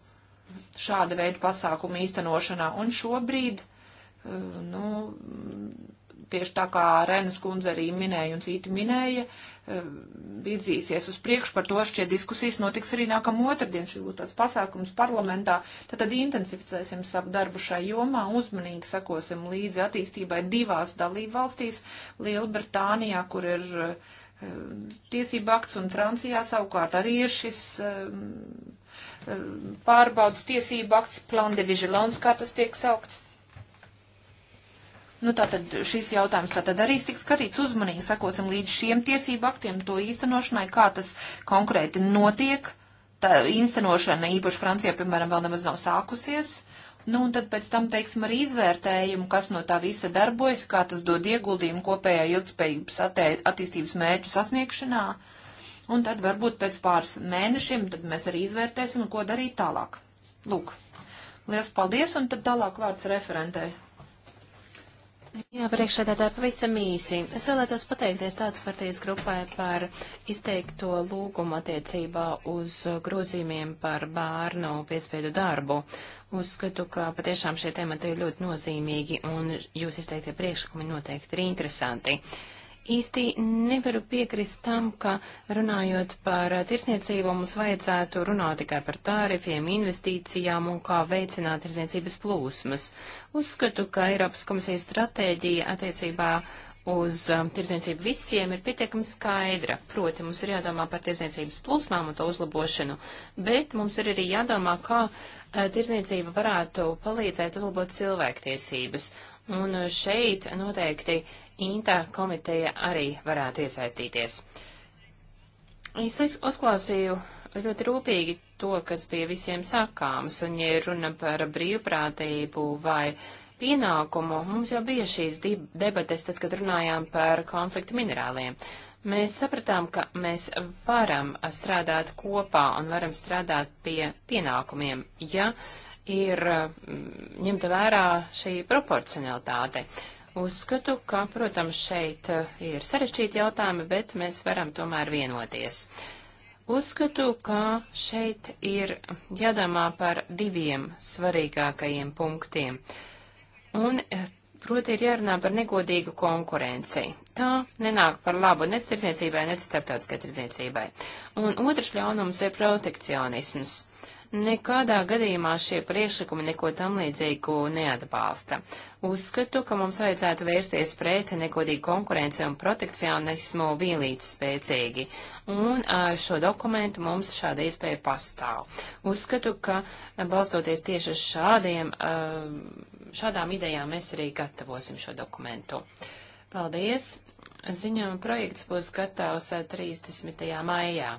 šāda veida pasākumu īstenošanā. Un šobrīd, eh, nu, tieši tā kā Renas kundze arī minēja un citi minēja, uh, Eh, virzīsies uz priekšu. Par to šie diskusijas notiks arī nākamā otrdien. Šī būs tāds pasākums parlamentā. Tad, tad intensificēsim savu darbu šai jomā, uzmanīgi sakosim līdzi attīstībai divās dalību valstīs - Lielbritānijā, kur ir eh, tiesība akts, un Francijā savukārt arī ir šis eh, pārbaudas tiesība akts, plan de vigilance, kā tas tiek saukts. Nu, tātad šis jautājums tātad arī tiks skatīts uzmanīgi, sakosim līdz šiem tiesību aktiem to īstenošanai, kā tas konkrēti notiek. Tā īstenošana īpaši Francijā, piemēram, vēl nemaz nav sākusies. Nu, un tad pēc tam veiksim arī izvērtējumu, kas no tā visa darbojas, kā tas dod ieguldījumu kopējā ilgspējības attīstības mērķu sasniegšanā. Un tad varbūt pēc pāris mēnešiem tad mēs arī izvērtēsim, ko darīt tālāk. Lūk. Lielas paldies, un tad tālāk vārds referentei. Jā, priekšsēdētāji, pavisam īsi. Es vēlētos pateikties tādas partijas grupai par izteikto lūgumu attiecībā uz grozījumiem par bērnu piespiedu darbu. Uzskatu, ka patiešām šie temati ir ļoti nozīmīgi un jūs izteiktie priekšlikumi noteikti ir interesanti. Uh, īsti nevaru piekrist tam, ka runājot par tirsniecību, mums vajadzētu runāt tikai par tārifiem, investīcijām un kā veicināt tirsniecības plūsmas. Uzskatu, ka Eiropas komisijas stratēģija attiecībā uz um, tirdzniecību visiem ir pietiekami skaidra. Proti, mums ir jādomā par tirdzniecības plūsmām un to uzlabošanu, bet mums ir arī jādomā, kā uh, eh, tirdzniecība varētu palīdzēt uzlabot cilvēktiesības. Un šeit noteikti Inta komiteja arī varētu iesaistīties. Es uzklausīju ļoti rūpīgi to, kas bija visiem sakāms, un ja runa par brīvprātību vai pienākumu, mums jau bija šīs debates, tad, kad runājām par konfliktu minerāliem. Mēs sapratām, ka mēs varam strādāt kopā un varam strādāt pie pienākumiem, ja uh, ir mm, ņemta vērā šī proporcionalitāte. Uzskatu, ka, protams, šeit eh, ir sarežģīti jautājumi, bet mēs varam tomēr vienoties. Uzskatu, ka šeit ir jādomā par diviem svarīgākajiem punktiem. Un eh, Proti ir jārunā par negodīgu konkurenci. Tā nenāk par labu nec tirdzniecībai, nec starptautiskai tirdzniecībai. Un otrs ļaunums ir protekcionisms. Nekādā gadījumā šie priešlikumi neko tam līdzīgu neatbalsta. Uzskatu, ka mums vajadzētu vērsties pret nekodīgu konkurenci un protekcionismu vienlīdz spēcīgi, un ar šo dokumentu mums šāda iespēja pastāv. Uzskatu, ka balstoties tieši uz šādiem, šādām idejām mēs arī gatavosim šo dokumentu. Paldies! Ziņojuma projekts būs gatavs 30. maijā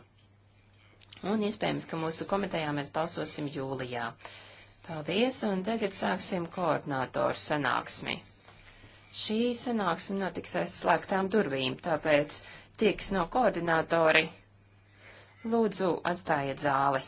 un iespējams, ka mūsu komitejā mēs balsosim jūlijā. Paldies, un tagad sāksim koordinātoru sanāksmi. Šī sanāksme notiks aiz slēgtām durvīm, tāpēc tie, kas nav koordinātori, lūdzu atstājiet zāli.